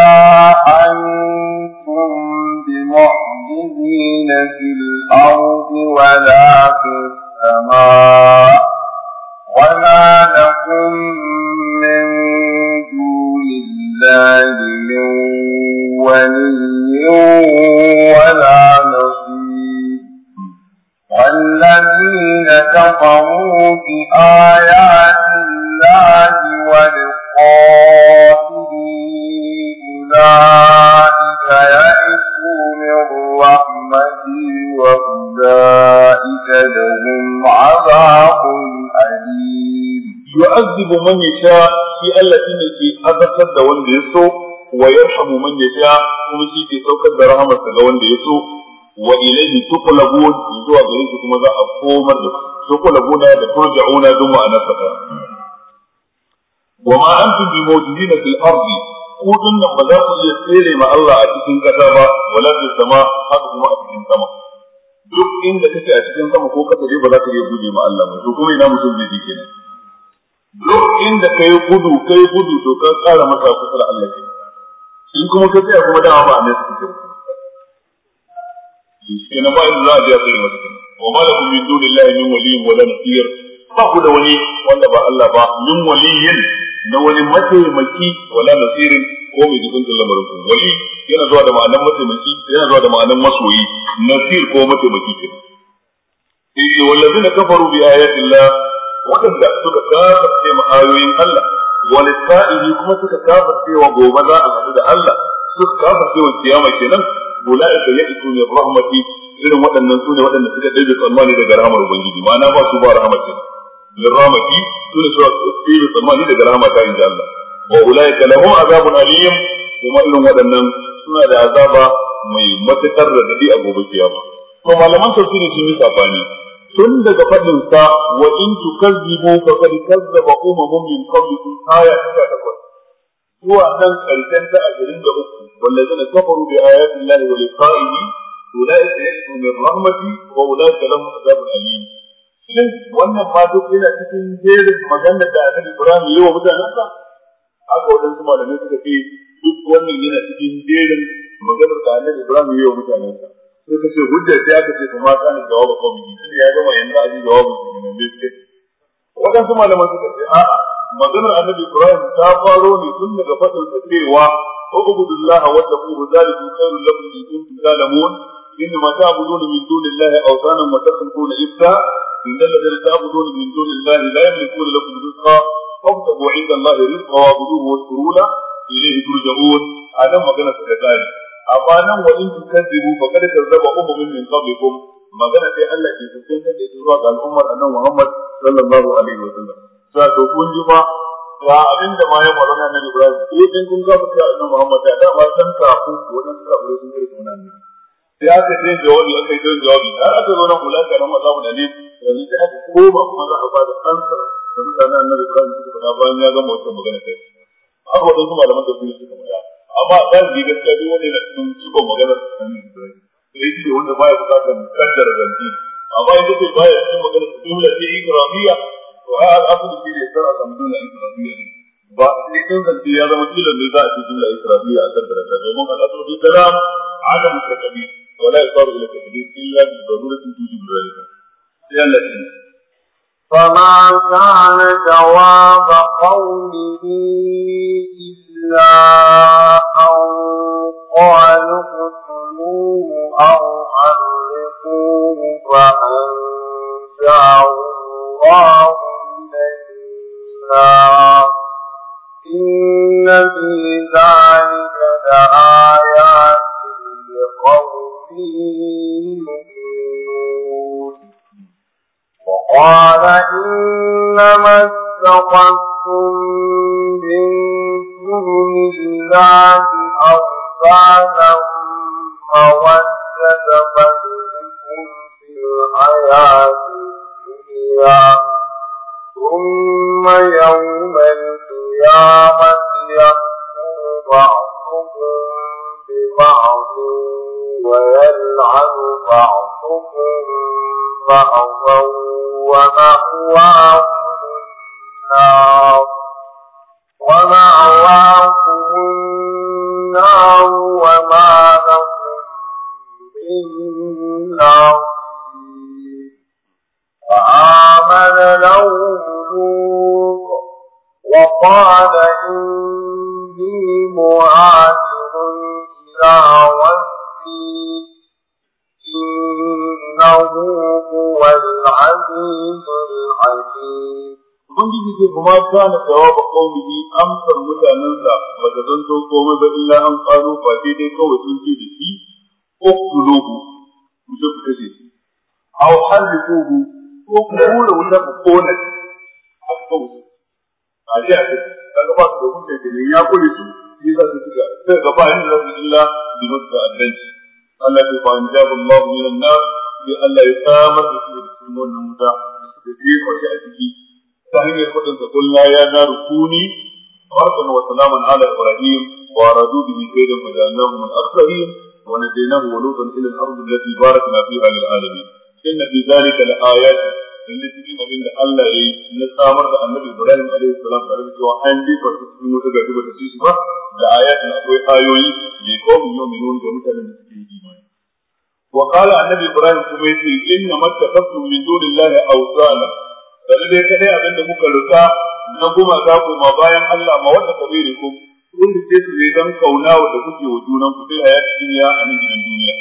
أنتم بمعجزين في الأرض ولا في السماء وما لكم من دون لله من ولي ولا نصير والذين كفروا بآيات الله ولقائه أولئك يئسوا من رحمتي وأولئك لهم عذاب أليم yu'azzibu man yasha shi Allah shine ke azabtar da wanda ya so wa yarhamu man yasha kuma shi ke saukar da rahamarsa ga wanda ya so wa ilayhi tuqlabun zuwa gare shi kuma za a komar da tuqlabuna da turja'una dun ma'ana saka wa ma antum ba za ku iya tsere Allah a cikin ba wala fil sama haka kuma a cikin sama duk inda kake a cikin sama ko kasa dai ba za ka iya guje ma Allah ba to kuma ina mutum zai ji kenan lokacin da kai gudu kai gudu to kan kara masa kusur Allah ke in kuma ka tsaya kuma dama ba annabi ke ke na ba in za a biya yi? masa wa ma lakum Allah dunillahi wali waliyyin wala la nasir ba ku da wani wanda ba Allah ba wali yin na wani mataimaki wala nasirin ko mai jikuntun lamarin ku wali yana zuwa da ma'anan mataimaki yana zuwa da ma'anan masoyi nasir ko mataimaki ke sai wallazina kafaru bi ayatillah waɗanda suka kafarce ma ayoyin Allah wani sa'ihi kuma suka kafarce wa gobe za a haɗu da Allah suka kafarce wa kiyama kenan ulaika ya'itu min rahmati irin waɗannan su ne waɗanda suka ɗaiɗe tsammani daga rahamar ubangiji ma'ana ba su ba rahama kenan min rahmati su ne suka ɗaiɗe tsammani daga rahama ta inda Allah wa ulaika lahum azabun alim kuma irin waɗannan suna da azaba mai matuƙar radadi a gobe kiyama to malaman tafsiri sun yi sabani tun daga faɗin sa wa in tukazzibu fa qad kazzaba umamun min qablikum aya ta takwas zuwa nan karshen ta 23 wallazina kafaru bi ayati llahi wa liqa'ihi ulaika yasmu min rahmati wa ulaika lahum adabun alim shin wannan ma duk yana cikin jerin maganar da Annabi Ibrahim yi wa mutanensa kuma da malamai suka ce duk wannan yana cikin jerin maganar da Annabi Ibrahim yi wa mutanensa suka ce hujjar sai aka ce kuma kana jawaba ko miji tunda ya gama yanzu a ji jawabin su ne bai ce wadansu malaman suka ce a maganar annabi Ibrahim ta faro ne tun daga fadin sa cewa ubudullaha wa taquhu zalikum khairul lakum in kuntum ta'lamun إنما تعبدون من دون الله أوثانا وتخلقون إفكا إن الذين تعبدون من دون الله لا يملكون لكم رزقا فابتغوا عند الله رزقا واعبدوه واشكروا له إليه ترجعون على ما كانت كذلك amma nan wa in tukazzibu faqad kazzaba umamun min qablikum magana sai Allah ke tantance da ke zuwa ga al'ummar annabi Muhammad sallallahu alaihi wa sallam sai to kun ji ba ga abinda ma ya faru na Annabi Ibrahim sai eh, din kun ga mutum Annabi Muhammad da da ba san ka ku wannan kafirai sun kai sunan ne sai aka yi jawabi aka yi don jawabi har aka zo na kula ga nan azabu da ne yanzu sai aka kuma za a ba da kansa da mutanen Annabi Ibrahim suka faɗa bayan ya gama wata magana kai haka wadansu malaman da su suka faɗa amma ba ni gaskiya yi wani na cikin suko magana da Ibrahim sai shi wanda baya bukatar kaddar zanti amma idan kai baya cikin magana da dole sai Ibrahimiya to ai shi ne a samu dole Ibrahimiya ne ba zanti ya zama tilan ne za a ci dole Ibrahimiya a domin da kalam ala mutakabbir ولا يصار الى التكبير الا بضروره توجب فما كان جواب قومه إلا أن قالوا اقتلوه أو حرقوه فأنجاه الله من النار إن في ذلك لآيات لقوم يؤمنون وقال إنما اتخذتم من دون الله أربابا مودة بينكم في الحياة الدنيا ثم يوم القيامة يكفر بعضكم ببعض ويلعن بعضكم وأرضا ومأواهم النار ومأواهم النار وما لهم من نار وآمن له وقال إني مهاجر إلى ربي إنه هو العزيز الحكيم Ubangiji ce kuma ta na jawaba kaumihi amsar mutanensa ba ta zanto komai ba illa an kano ba dai kawai sun ce da shi uktuluhu ku je ku kashe shi A aw harriquhu ko ku kula wuta ku kona shi haka kawai a ji a ce ta ba su da hujja ya kule su shi za su tuka sai ga ba yin da su illa bi masu ta'addanci Allah ya ban jabu Allah min annar sai Allah ya samar da su da cikin wannan wuta da jefa shi a ciki ta hanyar kudin da kullu ya na rukuni barkan wa salamun ala ibrahim wa radu bihi kaidan fajalnahu min akhirin wa nadaynahu wa lutan ila al-ardh allati barakna fiha lil alamin inna fi dhalika la ayatin lalle cikin abin da Allah ya yi na samar da annabi Ibrahim alaihi salam tare da cewa an jefa su cikin wata gaji bata ci su ba da ayatin akwai ayoyi mai kawai yau mai nuna ga mutanen da suke yi imani. Wa kala annabi Ibrahim kuma ya ce inna mattaqatu min dunillahi awsana sai dai kadai abin da kuka rusa na goma gumaka ma bayan Allah ma wata kabiri ku wanda ce su ne dan kauna da kuke wa junan ku fil hayati dunya a nan duniya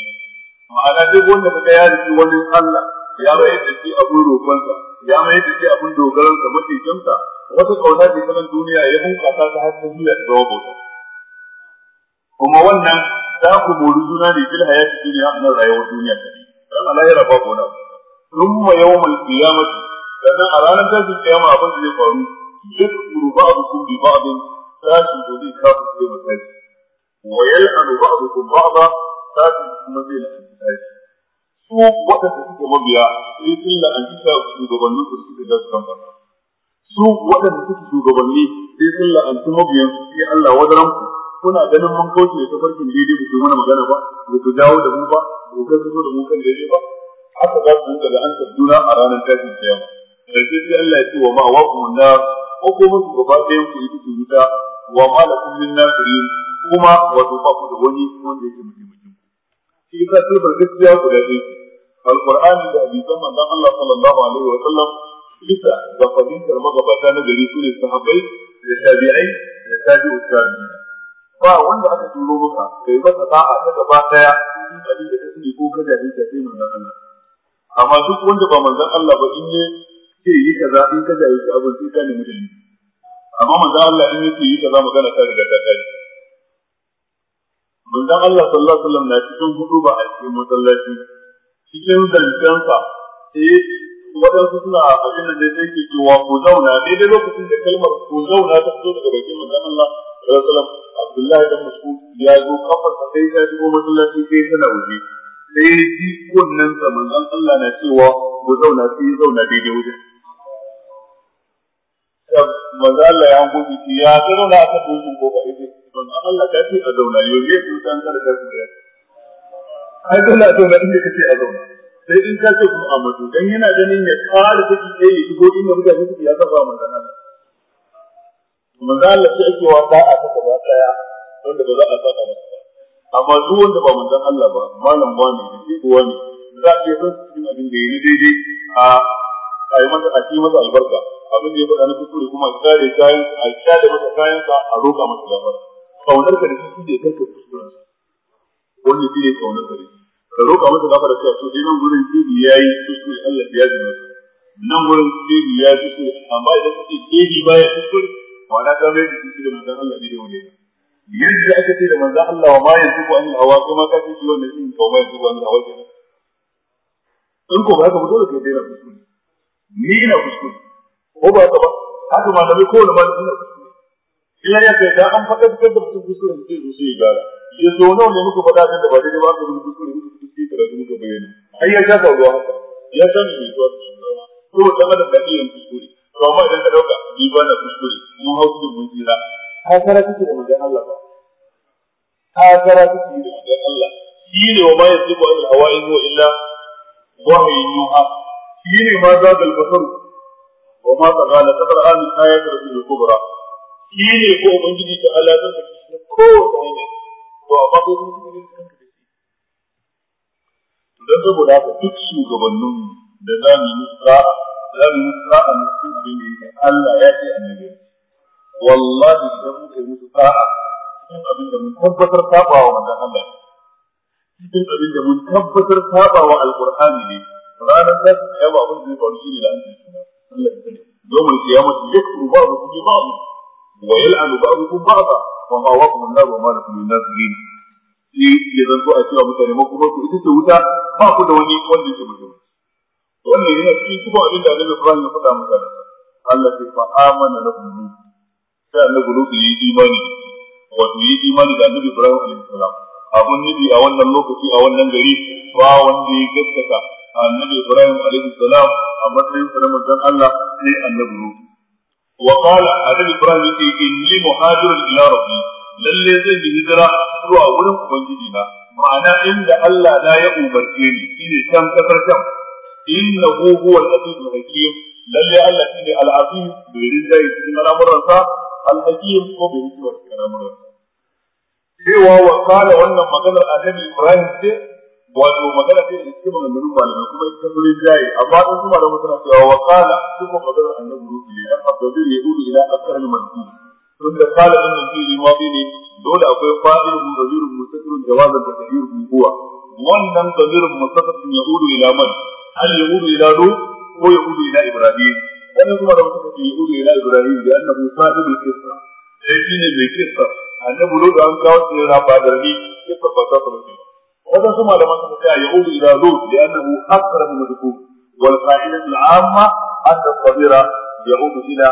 ma'ana duk wanda kaga ya rubuta wani Allah ya mai da shi abin roƙonsa ya mai da shi abin dogaransa maficinsa wata kauna ce ta duniya ya bunƙasa ta har ta juya da zama bauta kuma wannan za ku mori juna ne fil hayati duniya a nan rayuwar duniya ta dan alahira babu wani abu thumma yawmal qiyamati sannan a ranar tashin kiyama abin da zai faru duk ba'dukum bi ba'din tashin zai kafin sai mutaci wa yal'anu ba'dukum ba'da tashin kuma zai la'anta tashi su waɗanda suke mabiya sai sun la'anci ta shugabannin su suka da kan ba su waɗanda suke shugabanni sai sun la'anci mabiyan su sai Allah wadaran ku kuna ganin mun kauce da farkin daidai ba ku mana magana ba ku ku dawo da mu ba ba ga su da mu kan daidai ba haka za ku ga an duna a ranar tashin kiyama Sai sai Allah ya ce wa ma wa kuma na ko mun ku ba ɗayan ku yi wuta wa ma la kun min nasirin kuma wato ba ku da wani wanda yake mutum shi ka tilbar gaskiya ku da shi. Alƙur'ani da hadisan manzon Allah sallallahu alaihi wa sallam bisa da fahimtar magabata na gari su ne sahabbai da tabi'ai da tabi'u tabi'i ba wanda aka turo maka kai masa da'a ta gaba daya in abin da ka sani ko ka da ka sai manzon Allah amma duk wanda ba manzon Allah ba in ne ke yi kaza in ka da yi abin sai ka nemi dalili amma manzon Allah in yake yi kaza magana ta riga ta kai manzon Allah sallallahu alaihi wasallam na cikin hudu ba a cikin masallaci cikin zancensa sai eh, waɗansu suna abin da zai ke cewa ku zauna daidai lokacin da kalmar ku zauna ta fito daga bakin manzon Allah sallallahu Abdullahi dan Mas'ud ya zo kafar sa sai ta shigo masallaci sai tana waje sai ji kunnen sa manzon Allah na cewa ku zauna sai ya zauna daidai wajen manzo Allah ya hango ya zauna a kan dokin gobe idan Allah ka ce a zauna yau zai san kada ka tsaya ai dole a zauna inda kace a zauna sai in ka ce kuma amadu dan yana ganin ya fara take ke yi ko inda mutane suke ya saba manzon Allah manzon Allah sai ake wa da'a ta gaba daya wanda ba za a saka masa ba amma duk wanda ba manzon Allah ba malam wani ne shi kuwa ne za a iya san cikin abin da yayi daidai a a masa a ci masa albarka abin da ya faɗa na kuskure kuma a kare kayan a shaɗe masa kayansa a roƙa masa gafara kaunar ka da shi ne kanka kuskurensa wannan shi ne kaunar kare ka roƙa masa gafara cewa to dai nan gurin ya yi kuskure Allah ya ji masa nan gurin kidi ya yi kuskure amma idan kake ba ya kuskure ma'ana ta mai da da manzon Allah ne da wani yadda aka ce da manzon Allah wa ma yanzu ko an hawa ko ma ka ce shi wannan shi ko ma yanzu ko an hawa ke in ko ba ka ba dole ka daina kuskure ni ina kuskure ko ba ka ba haka ma da ko wani ba ina kuskure ina ya kai da an faɗa fitar da mutum kusurin sai zo sai ya gara ya zo nawa ne muka faɗa da ba daidai ba ka zo kusurin muka fito sai ka su muka bayyana ai ya sha haka ya san ni zuwa da shi da madan da iya kuskure to amma idan ka dauka ni ba na kuskure mun hau cikin mun tsira ka kara kike da manzon Allah ba ka kara kike da manzon Allah shi ne wa ma al illa yuha shi ne ma basar wa ma tagala tabar an ayatul kubra shi ne ko ubangiji ta Allah zan da shi kowace hanya to amma ko mun ne kan da shi dan saboda haka duk shugabannin da za mu yi sa'a za mu yi sa'a ne da Allah ya ce annabi wallahi idan yi musu sa'a cikin abin da mun tabbatar saba wa manzon Allah cikin abin da mun tabbatar saba wa alqur'ani ne ranar da ta yawa abin da ya faru shi ne da an ce Allah ya sani yawmal qiyamah yakfuru ba'du bi ويلعن بعضكم بعضا وما وقم النار وما لكم من ناصرين shi ya zanto a cewa mutane ma kuma ita ce wuta ba ku da wani wanda yake mutum wannan yana cikin kuma abin da Annabi Ibrahim ya faɗa mutane Allah ya fa amana lahum sai Annabi Lutu yi imani da Annabi Ibrahim alaihi salam abun nufi a wannan lokaci a wannan gari ba wanda ya gaskata Annabi Ibrahim alaihi a matsayin sa na Allah sai wa qala adam ibrahim yace inni muhajirun ila rabbi lalle zan yi hijira zuwa wurin ubangiji na ma'ana inda Allah na ya umarce ni shine can kasar can innahu huwa al-azizul hakim lalle Allah shine al-azim bai rinjaye cikin al'amuransa al-hakim ko bai rinjaye cikin al'amuransa cewa wa wannan maganar adam ibrahim ce wato magana ce da cikin maganganun malamai kuma ita sun yi jaye amma don su malamai suna cewa wa kala kuma magana annabi rufi ne dan Abdullahi ya dudu ila akthar al manqul tun da kala din nan fili ma bi ne dole akwai fa'il mudarir mustaqil jawaz da tahir huwa wannan dalir mustaqil ya dudu ila man hal ya dudu ila ru ko ya dudu ila ibrahim wannan kuma da mutum ya dudu ila ibrahim da annabi sa'id al qissa sai eh, shine mai qissa annabi rufi an kawo shi da badarni qissa ba ta kuma وهذا ثم لما كان يعود إلى لوط لأنه أكثر من الذكور والقاعدة العامة أن الصغير يعود إلى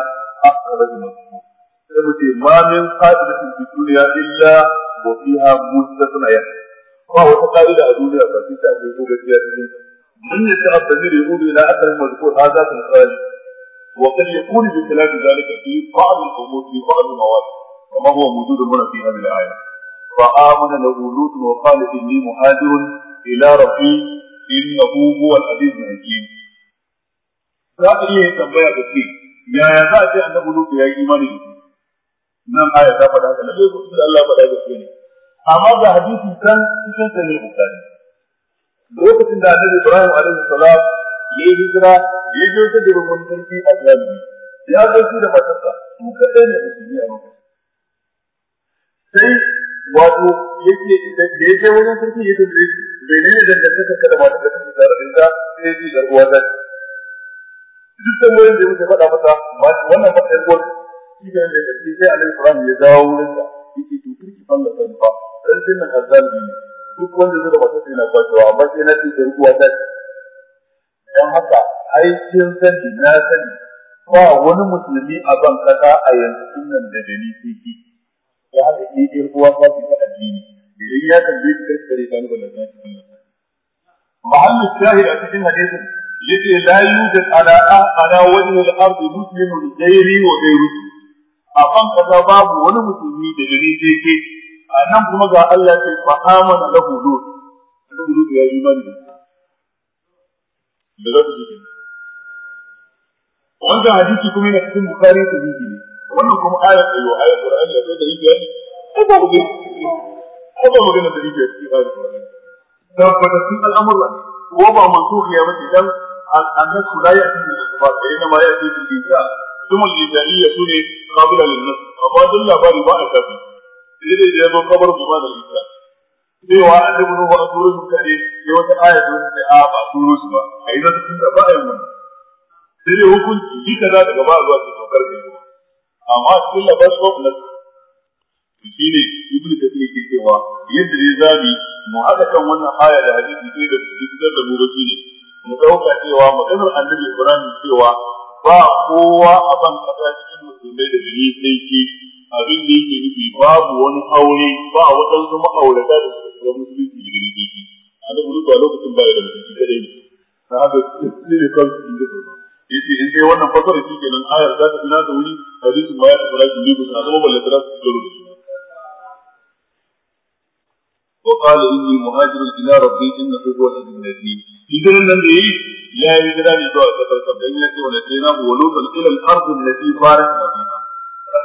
أكثر من الذكور فهمتي ما من قاعدة في الدنيا إلا وفيها مدة عيال فهو تقاعد الدنيا فكي تأخذ بها من من يتعب الذي يعود إلى أكثر من الذكور هذا في الخارج وقد يكون بكلام ذلك في بعض الأمور في بعض المواقف وما هو موجود هنا في هذه الآية فآمن له لوط وقال إني مهاجر إلى ربي إنه هو العزيز الحكيم za a iya yin tambaya da ke yaya za a ce annabi Lutu ya yi imani nan aya ta faɗa haka lalle gudu Allah faɗa gaske ne amma ga hadisi kan cikin sahih bukhari lokacin da annabi Ibrahim alaihi salam ya yi hijira ya je ta da rubun sarki a Ibrahim ya zo da matarsa su kadai ne musulmi a sai wato yake da yake wajen sarki yake da shi da dangantakar ka da matar da kake tare da ita sai ya da garkuwa ta duk mun da muke faɗa masa wannan ba sai gwal shi da da ke sai alaihi Quran ya dawo wurin da. yake to kirki Allah ta nufa sai nan azzalimi ne duk wanda zai da matar na kwacewa amma sai na ce garkuwa ta dan haka aikin sani na sani ba wani musulmi a ban kasa a yanzu nan da dalili sai da haka shi ɗin uwa ba su da addini idan ya tambaye shi karka kare kalu balla ta cikin ta mahallu shahid a cikin hadisin yace la yujad ala ala wajhi al-ardi muslimun ghairi wa ghairu a kan kaza babu wani musulmi da gari sai a nan kuma ga Allah ce fa amana lahu lut lahu lut ya imani da zai wannan hadisi kuma yana cikin bukhari da muslim wannan kuma ayar da yau ayar Qur'ani ya zo da rijiya ne ko ba ku ko ba magana da rijiya ce ba da wannan tabbatar sun al'amura ko ba mansuhiya ba idan annasu la ya fi ba sai na ma ya fi rijiya ثم الإبداعية سنة قابلة للنصر فقال الله باري بقى كافي إذا إذا يبقى قبر بمعنى الإنسان sai wa an dubu wa surun kare sai wata aya ta sai a ba suru su ba ai da cikin da ba ai mun sai hukunci shi kaza daga ba zuwa cikin karbe amma cikin labar su na su shi ne ibnu kathir ke cewa yadda ne zabi mu haɗa kan wannan haya da hadisi sai da su fitar da gobe shi ne mu ɗauka cewa maganar annabi ibrahim cewa ba kowa a ban kasa cikin musulmai da gani sai ke abin da yake nufi babu wani aure ba waɗansu ma'aurata da suka shiga musulunci da gani sai ke a da lokacin ba ya da musulunci kadai ne na haka sai ne kansu inda su ba yace in dai wannan fasara shi kenan ayar za ta fi nata wuri hadisin ba ya tafi rafi ne ba na zama balle ta su karo da juna wa qala inni muhajirun ila rabbi innahu huwal alim nabi idan nan da yi ya yi da ne zuwa kasar sa dan yake wala sai na wa lutan ila al-ard allati barakna fiha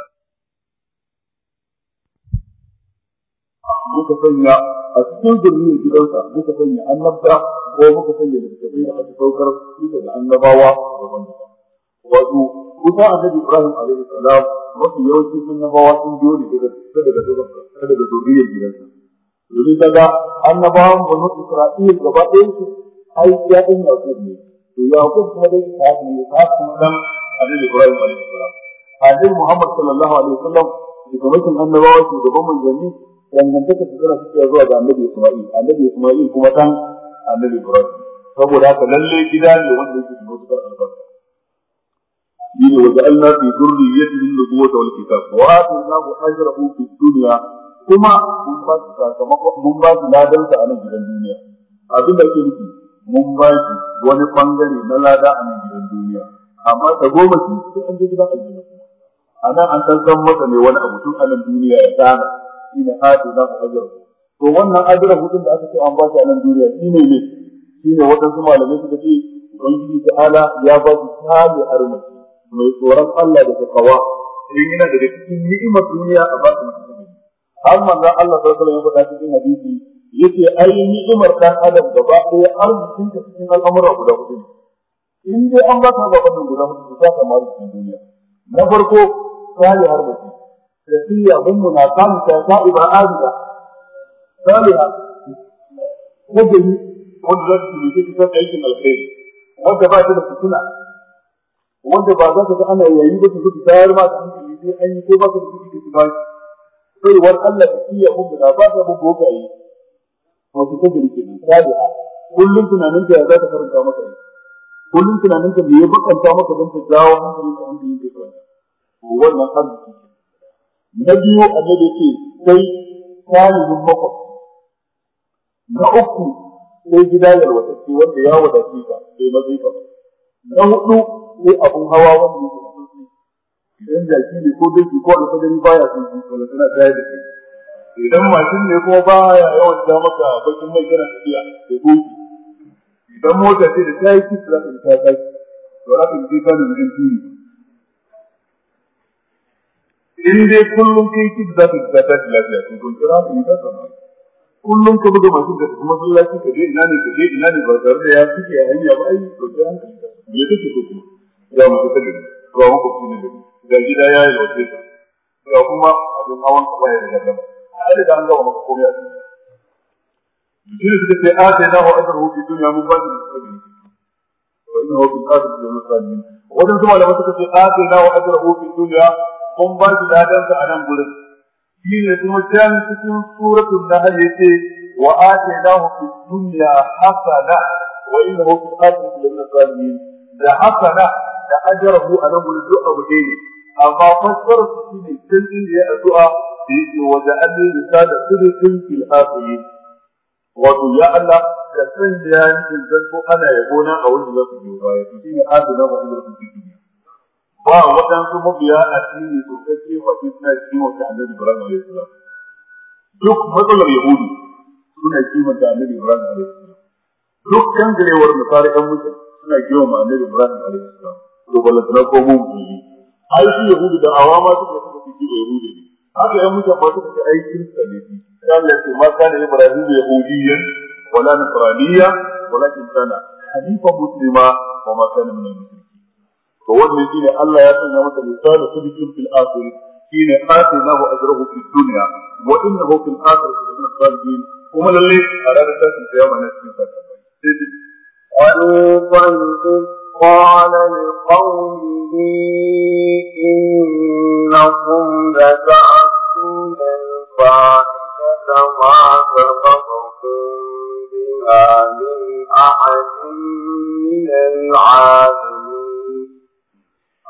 muka sanya a cikin zurriyar gidansa muka sanya annabta ko muka sanya da littattafai da aka saukar bisa da annabawa daban daban wato kusa annabi Ibrahim alaihi salam mafi yawancin annabawa sun biyo ne daga daga daga zurriyar gidansa domin daga annabawan banu Isra'il gaba ɗayan su ai ya ɗan Yaƙub ne to Yaƙub kuma dai ta ne ta kuma dan annabi Ibrahim alaihi salam annabi Muhammad sallallahu alaihi wasallam da kamar annabawa shugaban manzanni dangantaka su tana suke zuwa ga annabi Isma'il annabi Isma'il kuma dan annabi Ibrahim saboda haka lalle gida ne wanda yake da mutukar albarka shine wa ja'alna fi dhurriyyatihi an-nubuwwata wal kitab wa atainahu ajrahu fid duniya kuma mun ba su Kuma mun ba su ladan a nan gidan duniya abin da ke nufi mun ba su wani bangare na lada a nan gidan duniya amma ta goma shi sai an je gidan aljanna a nan an san san masa ne wani abu tun a nan duniya ya tsara shine hadu lahu ajruhu to wannan ajruhu din da aka ce an ba shi a nan duniya shine ne shine waɗansu malamai suka ce ubangiji ta'ala ya ba shi kame arma mai tsoron Allah da takawa idan yana daga cikin ni'imar duniya a ba shi mutum har manzon Allah sallallahu alaihi wasallam ya faɗa cikin hadisi yace ai ni'imar dan adam gaba ɗaya arzikin ta cikin al'amura guda hudu in dai an ba ka gaban guda hudu ta samu arzikin duniya na farko sai har mutum تقي أمنا كانت تائبة آمنة ثالثا مدني wanda za su yi kusan aikin alkhairi wanda ba ta da fitina wanda ba za ta ga ana yayi ba ta gudu tayar ma da hankali sai an yi ko ba ta da fitina ba sai war Allah ta iya mun da ba ta mun boka yi wato ta girki ne sai kullun tunanin ta za ta karanta maka kullun tunanin ta me ya bakanta maka don ta jawo hankalin ka inda yake wannan arziki na biyu annabi ce sai salihin bakwai na uku sai gida yalwatacce wanda ya wadace ka sai matsi ka na hudu sai abun hawa wanda yake da sosai idan jaki ne ko dangi ko alfadari baya son shi wala tana tayar da kai idan mashin ne ko baya yawan ja maka bakin mai kana tafiya da goki idan mota ce da tayi kisa za ka ta tashi to za ka je ka da mutum turi in dai kullum kai ki za ka ta tashi lafiya to don kira ka ta zama kullum ka buga masu da kuma sallaci ka je ina ne ka je ina ne ba tare da ya suke a hanya ba ai to kira ka me kake so kuma ga masu ta gani gari ga maka kuma gari ga gida ya yi wace ta ga kuma don hawan ka ba ya da gaba a da an ga maka komai a duniya shi ne suka ce a ah, sai na wa'azar hukun duniya mun ba su da suka gani wa inna hu bil akhirati lil muslimin wadan su malama suka ce a ah, sai na wa'azar hukun duniya Kun ba su ladansa a nan gurin shi ne kuma can cikin suratul nahl yace wa atainahu fid dunya hasana wa innahu fil akhirati lamin salihin da hasana da ajrahu a nan gurin duk abu ne amma fassara su ne tun inda ya addu'a da yake wa ja'alni lisana sidqin fil akhirin wato ya Allah da san da ya yi zanto ana yabona a wanda za su biyo baya to shine adana wa inda su biyo ba waɗansu mabiya addini tsofaffi wajen suna kiwon ta annabi Ibrahim alaihi salam duk matsalar yahudu suna kiwon ta annabi Ibrahim alaihi salam duk kangarewar nasara ɗan mutum suna kiwon annabi Ibrahim alaihi salam to balantana ko mun kuli aiki Yahudi da awama suka suka fi kiwon yahudu ne haka ɗan mutum ba suka fi aikin salifi kan ya ce ma kana Ibrahim yahudiyyan wala nasraniyya walakin kana hanifa muslima wa ma kana min al فوالله دين الله يأتنا مثل مثال في الآخر دين آتناه أجره في الدنيا وإنه في الآخر في الدنيا الصالحين هم اللي أراد ذلك في يوم الناس من ذلك ولوطا إذ قال لقومه إنكم لتعصون الفاحشة ما سبقتم بها من أحد من العالمين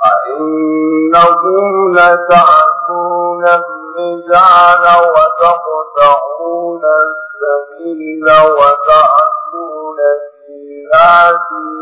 أئنكم لتعتون الرجال وتقطعون السبيل وتعتون في نادي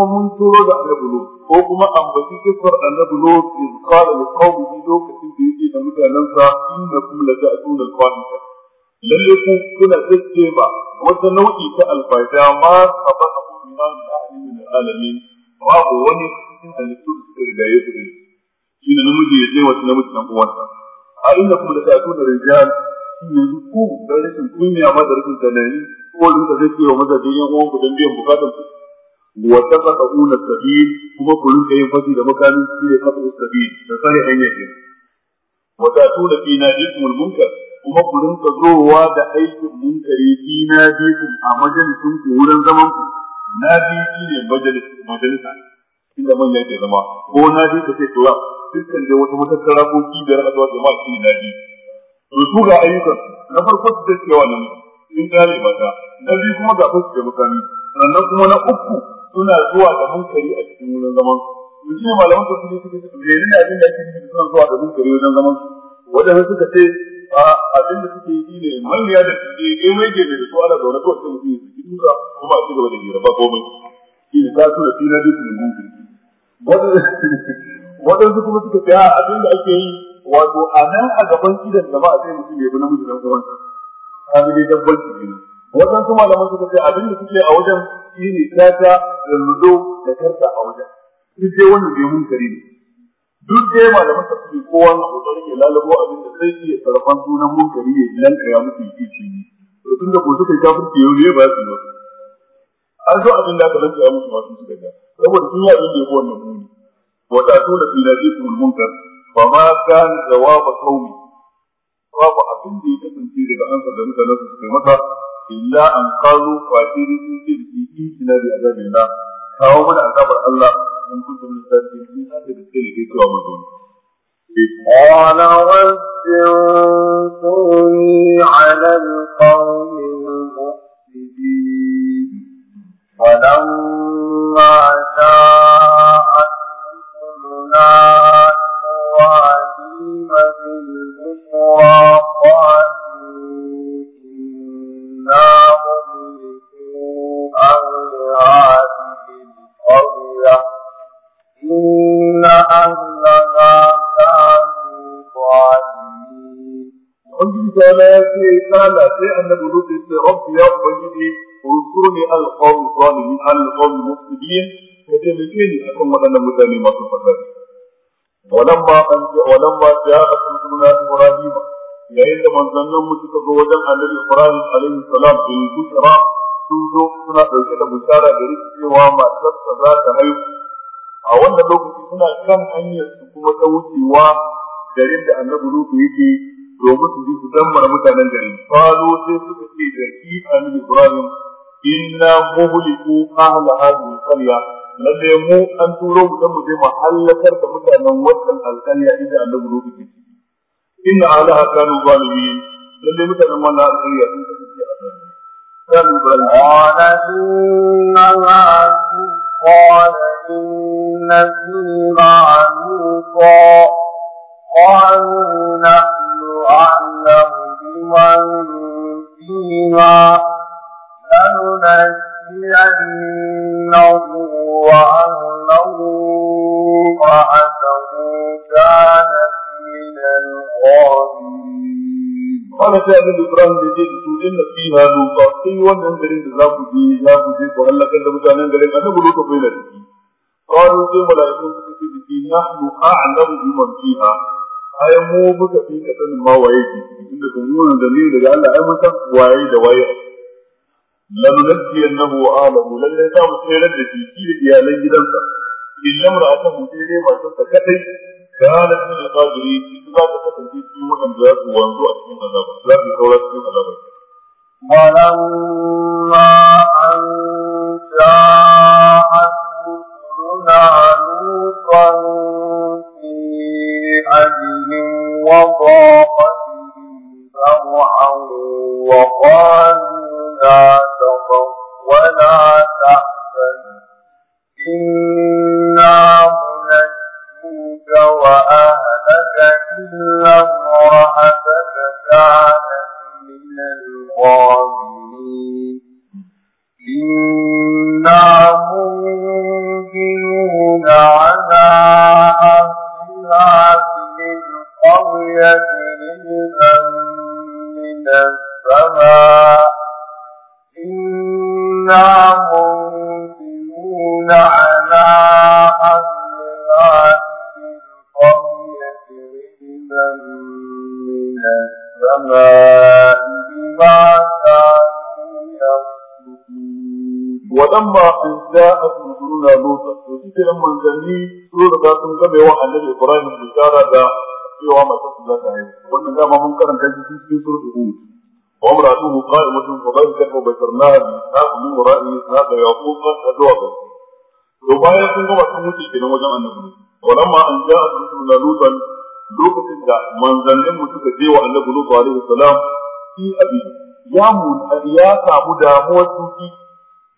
kuma mun turo da annabi lut ko kuma an ambaci kisar annabi lut in qala li qaumihi lokacin da yake da mutanansa innakum la ta'tuna al-fahisha lalle ku kuna dace ba wata nau'i ta alfaida ma sabaka ku min ahli min alamin babu wani cikin halittu da suka rigaye ku da shi ne namiji ya je wata namiji dan uwansa a inda kuma da ta'tuna rijal yanzu ku da rashin kunya ma da rashin tanani ko da zai ce wa mazaje yan uwan ku dan biyan bukatun ku wa taqatuna sabil kuma ku rinka yin fasi da makamin shi ne kafa da sare hanya ke wa ta'tuna fi nadikum al kuma ku rinka zowa da aikin munkari fi nadikum a majalisun ku wurin zaman ku nadi shi ne majalis majalisa inda man yake zama ko nadi ka sai kula dukkan dai wata matattara ko kibiyar adawa jama'a shi na da cewa in kuma ga da sannan kuma na uku suna zuwa da munkari a cikin wurin zaman su shi ne malaman su ne suke suke suke ne abin da ake yi suna zuwa da munkari wajen zaman su wadanda suka ce a abin da suke yi ne manya da suke yi ne ke da su ana zaune kawai sai mutum ya suke duka kuma a cigaba da jira ba komai shi ne ta su da fila duk da munkari wadanda kuma suka ce a abin da ake yi wato a nan a gaban idan jama'a sai mutum ya bi namiji dan Ta a gaban dabbanci ne. su malaman suka ce abin da suke a wajen shi ne tata da ludo da karta a wajen duk dai wanda bai mun kare ne duk dai malaman ta suke kowa na hoto da lalabo abin da zai iya sarfan sunan mun kare ne idan ka ya mutu yake shi ne to tun da ko suka yi kafirci yau ne ba su ba. an zo abin da aka lantsa musu masu suka ga saboda sun yi abin da ya bi wannan muni to da filajikum munkar fa ma kan jawaba qaumi babu abin da ya kasance daga ansar da mutanen su suka masa illa an qalu wa tiri sun ce da shi in ila bi kawo mana azabar Allah in kuntum min sadiqin in hada da kai ne cewa mun zo قال رب انصرني على القوم المفسدين ولما جاءت رسلنا إبراهيم بالبشرى masallaci ya yi sala sai annabi lutu ya ce rabbi ya ubangiji unsurni al qawmi zalimin al qawmi mufsidin ya taimake ne akan waɗannan mutane masu fasari walamma an walamma ja'at rusuluna ibrahim yayin da manzannin mu suka zo wajen annabi ibrahim alaihi salam bil bushra sun zo suna ɗauke da bushara da cewa matarsa za ta haihu a wannan lokaci suna kan hanyar su kuma ta wucewa garin da annabi lutu yake domin su ji su dammar mutanen gari falo sai suka ce da shi annabi ibrahim inna muhliku ahla hadhihi qarya lalle mu an turo mu dan mu je mahallakar da mutanen wannan alƙarya inda annabi ruhu ki inna ala hakanu zalimin lalle mutanen wannan alƙarya sun kasance a zalimi قال إنها قال إن فيها لوطا قالوا نحن أعلم بمن فيها لننجينه وأهله رأته كان من الغابرين. قال سعد بن إبراهيم لجيت إن فيها لوطا في wannan garin da za ku je za ku je ku halakar mutanen garin annabi lota bai قالوا sai mala'iku suka ce biki nahnu a'lamu biman ai mu muka fi ka sanin ma waye ke inda kun nuna dalili daga Allah ai mun waye da waye lamunatti annahu wa alahu lalle za mu tsayar da shi shi da iyalan gidansa illa mar'atuhu sai dai matar ka kadai kana cikin alƙadiri ita za ta kasance cikin waɗanda za su wanzu a cikin azaba za su saura cikin azaba ولما أن جاءت علوقا في عدلهم وضاقتهم فرحا وقالوا لا تخف ولا تحزن إنا منجوك وأهلك إلا امرأتك كانت من الغابرين إنا منزلون على أهلها بالقرية رجزا من السماء إنا منزلون على أهلها بالقرية رجزا من السماء بما كانوا waɗanda sun za a tuntunu na lusa to shi ke nan manzanni su da za su gama yawan annabi ibrahim da shara da cewa mai kasu za ta yi wannan dama mun karanta shi sun fi su da hutu wamra su mu kai mutum ko bai kai ko bai sarna da ta kuma ra'ayi ta ga ya ko zuwa ga to bayan sun gama sun wuce ke nan wajen annabi waɗanda an za a tuntunu na lusa lokacin da manzannin mutum da cewa annabi lusa alaihi salam shi abin ya ya samu damuwar tuki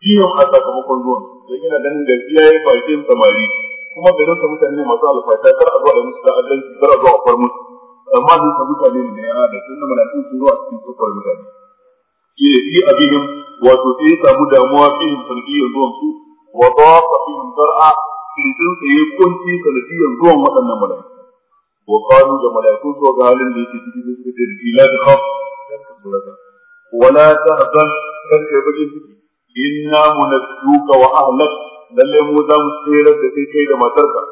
biyan a sakamakon ruwan da ina ganin da ya yi bakin samari kuma garin sa mutane masu alfata kar a zuwa da musu da adalci kar a zuwa a far musu amma sun sa mutane ne da yana da sun na malafin su zuwa cikin kofar mutane shi ne fi wato sai ya samu damuwa fihim sanadiyyar zuwan su wa dawafa fihim zar'a kirjin sa ya kunci sanadiyyar zuwan waɗannan malafi wa kanu da malafi su ga halin da yake cikin su da ila da kaf ولا تهزن كرك بجن إنا منجوك وأهلك للي موزا مسيرة في كيد ما تركا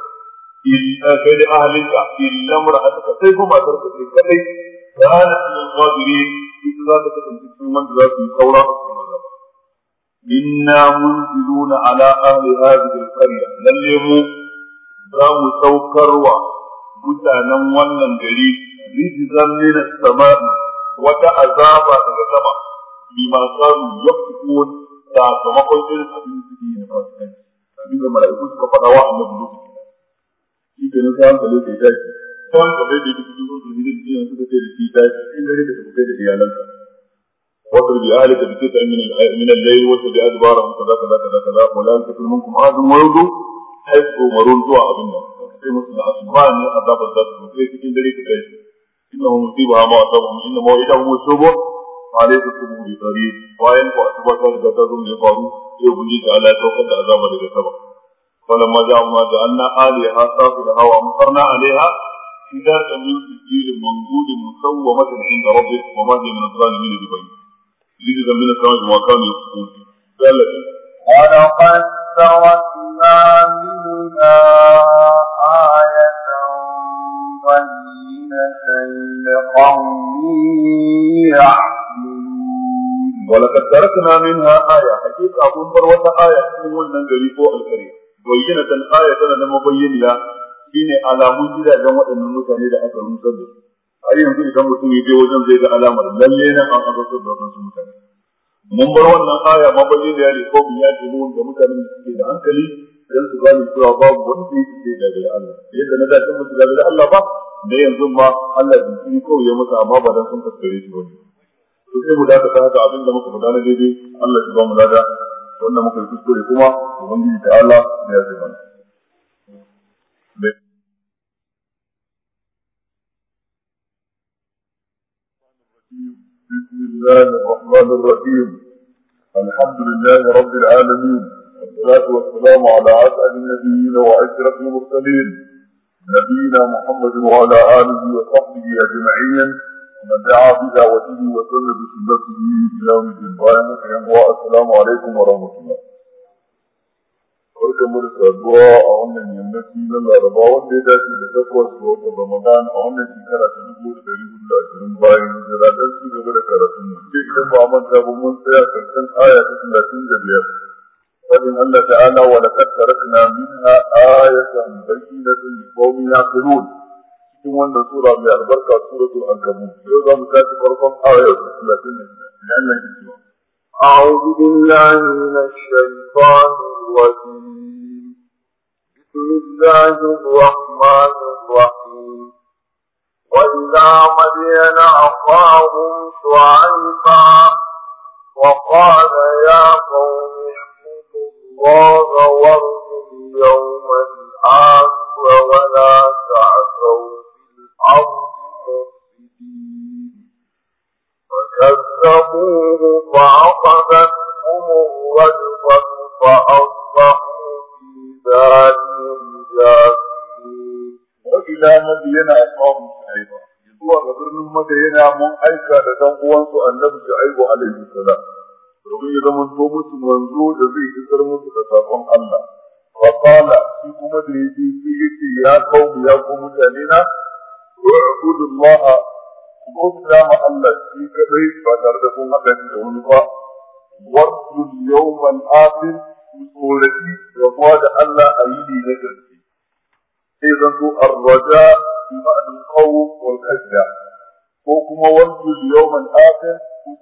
إلا كيد أهلك إلا مرأتك سيف ما تركا في كيد كانت من الغابرين إذا ذاك تنجسون من ذاك الثورة إنا منزلون على أهل هذه القرية للي موزا za mu saukarwa mutanen wannan gari rijizan ne na sama'i wata azaba daga sama bima kanu yaqtun sakamakon irin abin da suke yi na fasikanci abin da mala'iku suka faɗa wa annabi lokacin shi ke nan sai hankali da ya tashi sai hankali da ya tafi sun turbi da jiyan suka ce da shi tashi in gare da tafi kai da iyalanka wasu bi ahalika bi kisa min al-layl wasu bi adbara mun kaza kaza kaza kaza wala yakun minkum ahadun wa yudu haythu marun zuwa abin nan sai musu da asuba ne azabar da su kai cikin dare ka tashi إنه مصيبها ما أصابهم إن موعدهم الصبح عليك الصبح بقريب وإن فأصبحت ذلك تزم لقارون يبني ألا توقد عذاب لك سبع فلما جاءوا ما جعلنا آلهة سافلها وأمطرنا عليها سداسا من تسجيل منقود مسومة عند ربك وما هي من الظالمين ببعيد لجزا من السماء ما كانوا قال ذلك ولقد تركنا منها آية لقوم يعقلون ولقد تركنا منها آية حقيقة أكون فروة آية تقول من غريب الكريم بينة آية أنا مبين لها shine alamun gidajen waɗannan mutane da aka rusar har yanzu idan mutum ya je wajen zai ga alamar lalle nan an azabtar da wasu mutane mun bar wannan aya mabayin da ya ne kofin ya ce mun mutanen da suke da hankali don su gane cewa babu wanda yake da Allah ba da yanzu ma Allah yi kawai ya masa amma ba dan sun fuskare shi ba to sai mu dace ta haka abin da muka gudana daidai Allah ya ba mu lada wannan muka yi kuskure kuma ubangiji ta Allah ya zai mana بسم الله الرحمن الرحيم الحمد لله رب العالمين والصلاة والسلام على أسعد النبيين وأشرف المرسلين نبينا محمد وعلى آله وصحبه أجمعين ومن دعا في دعوته وسنة سنته إلى مجد بايم السلام عليكم ورحمة الله أركم لك الدعاء أعنى نعمتي لما ربا وديداتي لتقوى سلوك رمضان أعنى سكرة نقول شريف الله أجرم بايم جلالتي ببركة رسمه كيف تفعمل تابو من سياسة آية فمن الله تعالى ولقد تركنا منها آية بينة لقوم يعقلون ثم wannan sura mai albarka suratul ankabut yau za mu tashi farkon أعوذ بالله من الشيطان الرجيم بسم الله الرحمن الرحيم وإذا مدين أخاهم شعيبا وقال يا قوم الله وارجوا اليوم الآخر ولا تعثوا في الأرض مفسدين فكذبوه فأخذتهم الرجفة فأصبحوا في دارهم جاثمين وإلى مدين أصحاب شعيبة يسوع غبرنا مدينة من أيكا لتنقوانس أن نبجع عليه السلام domin ya zama to musu manzo da zai isar musu da sakon Allah wa qala shi kuma da yaji shi yace ya kawo ya ko mutane na wa abudullah ku bauta ma Allah shi kadai ba tare da kun hada da wani ba wa yawmal akhir tsoraki da kuwa da Allah a yi ne na gaske sai zan so arraja bi ma'anin qawl wal khashya ko kuma wa yawmal akhir ولا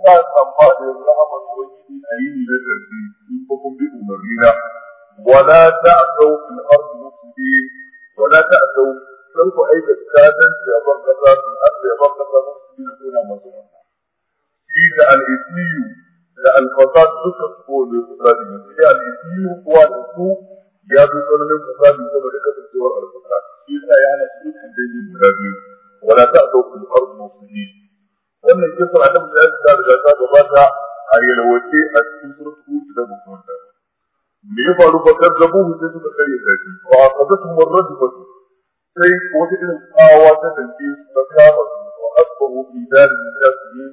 تأتوا في الارض مفسدين ولا تأتوا سوف أي كادا في ارض قطر في ارض ارض قطر مفسدين دون مظلمه اذا الاثني اذا القطر تترك قول الاستاذ المسيح الاثني هو الاثنو يا بطل من قطر من قبل كتب سوى الارض قطر اذا يعني سوء الدين المدادين ولا تعثوا في الارض wannan kisar adam da ya da riga ta gabata a yalwace a cikin turku da mutunta me ya faru fa kazzabuhu sai suka kare shi fa akhadathum da rajfatu sai wata irin tsawa ta danke su ta kama su wa asbahu fi darin jasimin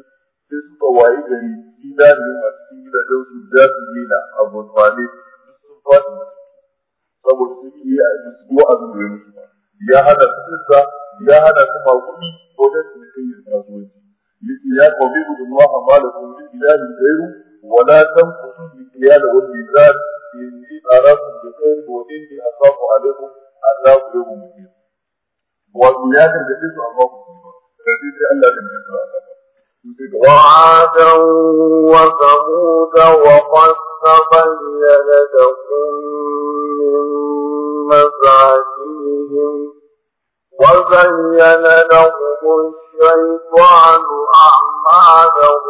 sai suka wayi gari fi darin a cikin gidajen su jasimina a gurfane sun fadi saboda sun yi a yi su wa'azin da ya musu ya hana su ya hana su maguni wajen su ne kai yin kasuwanci يا قوم اعبدوا الله ما لكم من إله غيره ولا تنقصوا المكيال والميزان إني أراكم بخير وإني أخاف عليكم عذاب يوم مبين وإياك الجديد الله الجديد ألا لم يسرع وعادا وثمود وقد تبين لكم من مساكنهم وزين لهم الشيطان أعمالهم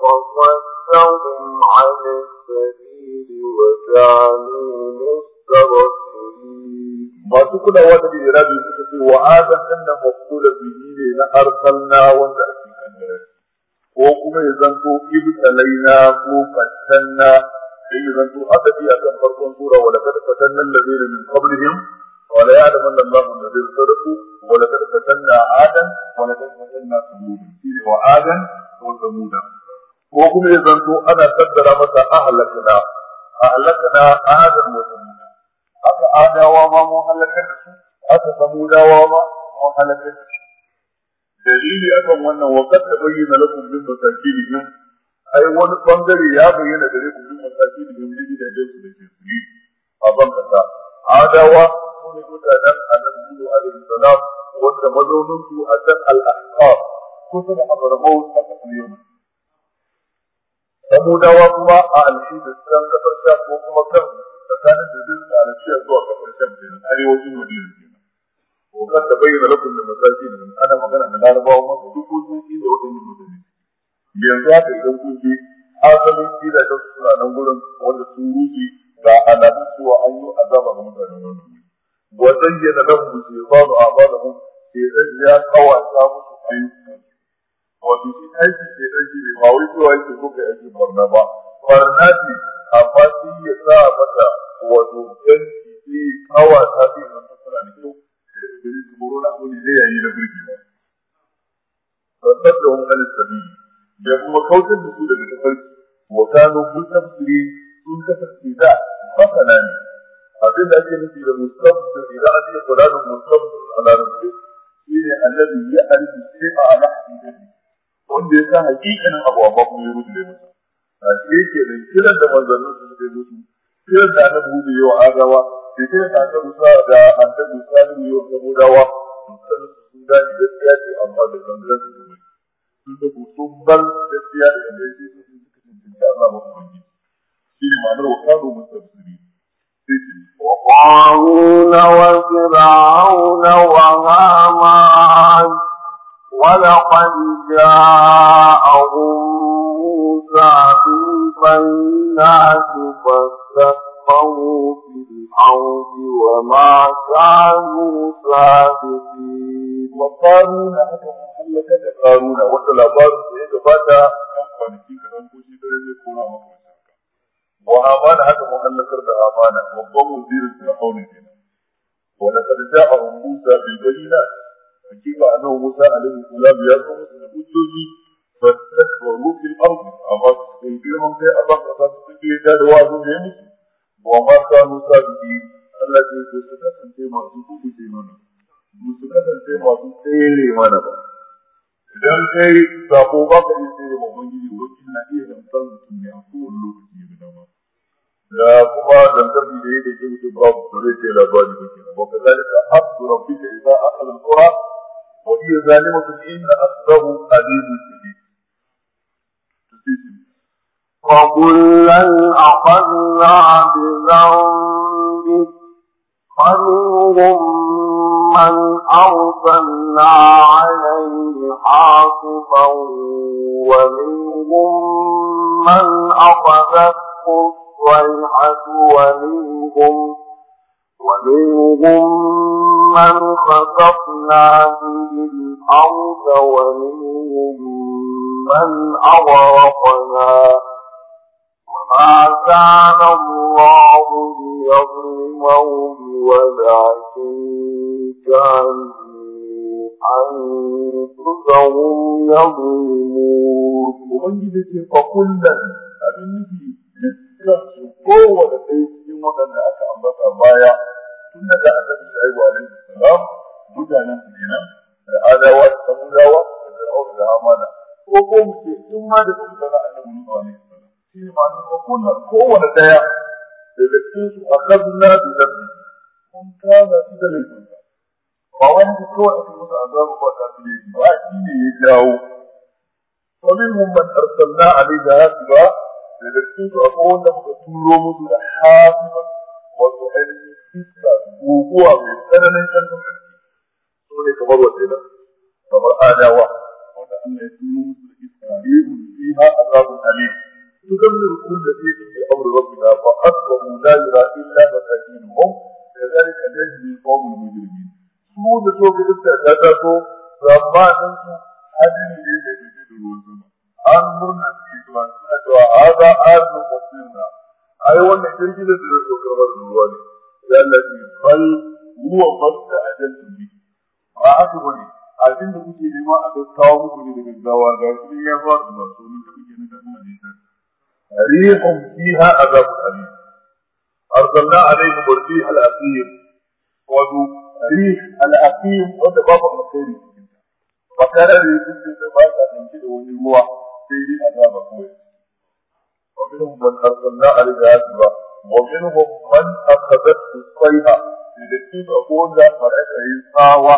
فصدهم عن السبيل وكانوا مستبصرين. ما تقول أولا بإرادة تكتي وآدم أن مفعول به لأرسلنا وندأتي ko kuma ya zanto laina ko fattanna sai ya zanto aka biya kan farkon wa da min ولا يعلمن الله الذين صدقوا ولقد فتنا عادا ولقد فتنا ثمودا شيء وعادا وثمودا وكم يزنتو انا قدر متى اهلكنا اهلكنا عادا وثمودا haka adawa ma mun halakar da su haka samudawa ma mun halakar da su dalili akan wannan wakar da bayyana lakum min masakinihim ai wani bangare ya bayyana gare ku da masakinihim ne gidajen su da ke su yi a ban adawa ne mutanen annabi Nuhu alaihi salam wanda mazaunin su a can al-ahqaf kusa da Abramu a kasar Yemen Samudawa kuma a alshi da can kasar Sham ko kuma kan tsakanin da zai da alshi zuwa kasar Sham ne arewacin Madina ko kan da bayyana lakum da masakin ana magana da larabawa masu duk hujjoji da wadannan mutane yanzu haka idan kun je asalin gidajen suna nan gurin wanda sun rushe ga alamun cewa an yi azaba ga mutanen wannan وزين لهم الشيطان أعمالهم شيطان يا قوى سامس أيوب wato shi aiki ke ɗan shi ne ba wai zuwa yake so ka aiki barna ce amma sun ya sa mata wato ɗan shi kawa ta fi nan ta kyau da gani su buru na zai yayi na birki ba rantar da wani kanin sabi da kuma kautar da su daga tafarki wa kano mun sun kasance da masana ne abin da ake nufi da mustaqbil idan an yi kula da mustaqbil a rabbi shi ne annabi ya alifi sai a ala hadisi wanda ya san hakikanin abu amma kuma ya rubuce musu a shi yake da kiran da manzannin su suke musu kiran da annabi hudu yau gawa, da kiran da annabi sa da annabi salihu yau samudawa dukkan sun gane gaskiya ce amma da gangan su ne sun da sun bar gaskiya da gangan sun suke cikin Allah ba kuma shi ne ma'anar wa kado mustaqbil وقارون وفرعون وهامان ولقد جاءهم موسى بالبينات فاستكبروا في الأرض وما كانوا صادقين وقارون هلك قارون وصل بعض الشيء بعد كم فنكين كلام كوشي كلام يكون وآمانا حتى مؤمن لكرد آمانا وقوم وزير فرعون هنا ولقد جاءهم موسى بالبينات فكيف أنه موسى عليه السلام يأتي بالحجوج فاستكبروا في الأرض أما تنكرهم في أرض أساس تكيه كاد وعدوا وما كانوا سابقين التي تستكبر في مرسوكه في منه مستكبر في مرسوكه في منه idan kai sako ba ka iya tsere ma ubangiji wakil na iya zantar mutum ne a kowane lokaci ya dama da kuma zantar da ya da ke ba mu zai ce labari ba ke ba ka zalika abdu da idza akhadha al-qura wa hiya zalimatun a asbahu alimun shadid وكلا أخذنا بذنبه ومنهم من أرسلنا عليه حاصبا ومنهم من أخذته الصيحة ومنهم ومنهم من خسفنا به الأرض ومنهم من أغرقنا ما كان الله ليظلمهم ولكن كانوا أنفسهم يظلمون ومن فكلا abin nufi dukkan su kowane ɗaya cikin waɗanda aka ambata baya tun daga annabi shaibu alaihi salam mutanen su kenan da adawa da samudawa da fir'auna da hamana ko ko mu ce da kuma annabi nuhu فيما نكون قوة نتايا لذلك أخذنا بذنبه من كان في ذلك فوانك قوة من أعزاب فاتحة وأكيني إجاو ومنهم من أرسلنا عليها هاتفا لذلك أقول لهم تقولهم بالحافظة وتحلم فيك وقوة من أنا نحن نحن نحن نحن نحن نحن نحن نحن نحن نحن نحن نحن نحن نحن نحن تدمر كل شيء بأمر ربها فأصبحوا لا يرى إلا مساكينهم كذلك نجزي قوم المجرمين سوء سوء بإبتاء تاتاتو ربما تنسوا هذه ليس يجد الوزن an murna ke zuwa suna cewa a za a zo mafirna ai wannan jirgin da zai so karbar ruwa ne ya lafi bal ruwa masta a jantin bi ba ne daga gawa ga shi ya fara ريح فيها عذاب أليم أرسلنا عليهم الريح الأقيم وذو ريح الأقيم وتباب الخير فكان ريح الزباد من كده ونجوا سيدي عذاب قوي ومنهم من أرسلنا عليه عاتبا ومنهم من أخذته الصيحة لذلك أقول لا ملائكة يساوى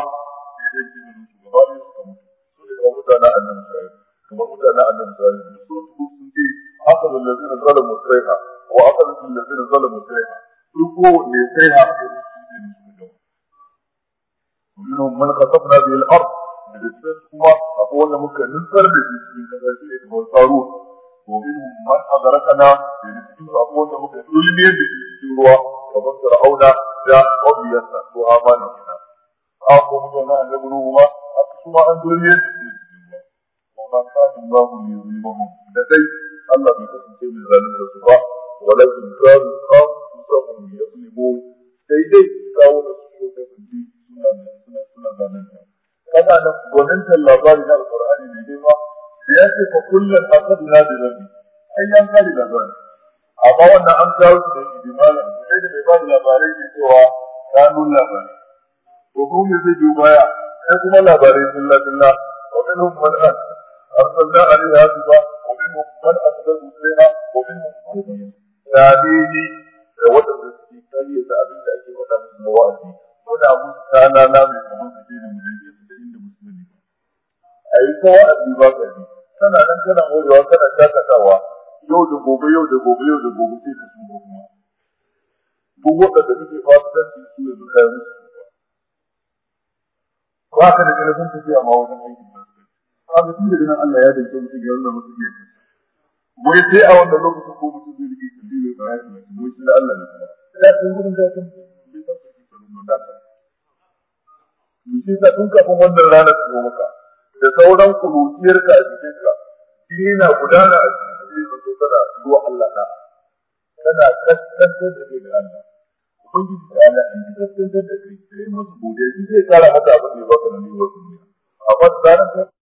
لذلك من الشباب يسكمون سورة ومتنا أن نمسائي كما متنا أن نمسائي سورة أخذ الذين ظلموا الصيحة وأخذت الذين ظلموا الصيحة سوقوا لصيحة ومنهم من خطفنا به الأرض بالإسلام هو أقول ممكن ننصر به من كفاسية والقارون ومنهم من أدركنا بالإسلام أقول ممكن نلمي به في الروا ومن فرعون جاء قبل وآمانا منا أقول لنا أن نبلوهما أقسم أن نلمي به وما كان الله ليظلمهم لديه Allah bai kasance mai zalunta su ba walakin kanu anfusahum yuzlimun sai dai kawo da su ko kasance suna suna suna zalunta Kana da gwaninta labari na alqur'ani ne dai ba da ya ce fa kullun aqadna bi rabbi ai yan kare labari amma wannan an kawo su da idimalan sai da mai ba da labarai ke cewa kanun labarai to kuma zai biyo baya sai kuma labarai sun ladilla wa minhum man arsalna alaiha ba. ومنهم من أسلم مسلما ومنهم من da waɗanda suke karya da abin da ake faɗa na wa'azi wani abu su ta lala mai kamar su daina mu dange su da ba a yi ka kana yau da gobe yau da gobe yau da gobe sai ka su kayan ba ka da tafiya ma wajen aiki kaga tun daga Allah ya dace mutum ya nuna mutum ya kasa wai sai a wannan lokacin ko mutum zai rike kan dole ba ya kuma wai sai Allah ne kuma da kun gurin da kan bai san ko ki sanin da ka ni sai ka tun kafin wannan ranar ta maka da sauran kulutiyar ka a cikin ka jini na gudana a cikin jini da kana zuwa Allah na kana kaskantar da kai da Allah ubangiji da Allah in ka kaskantar da kai sai musu godiya shi zai kara maka abin da ya baka na ne wasu ne amma da zaran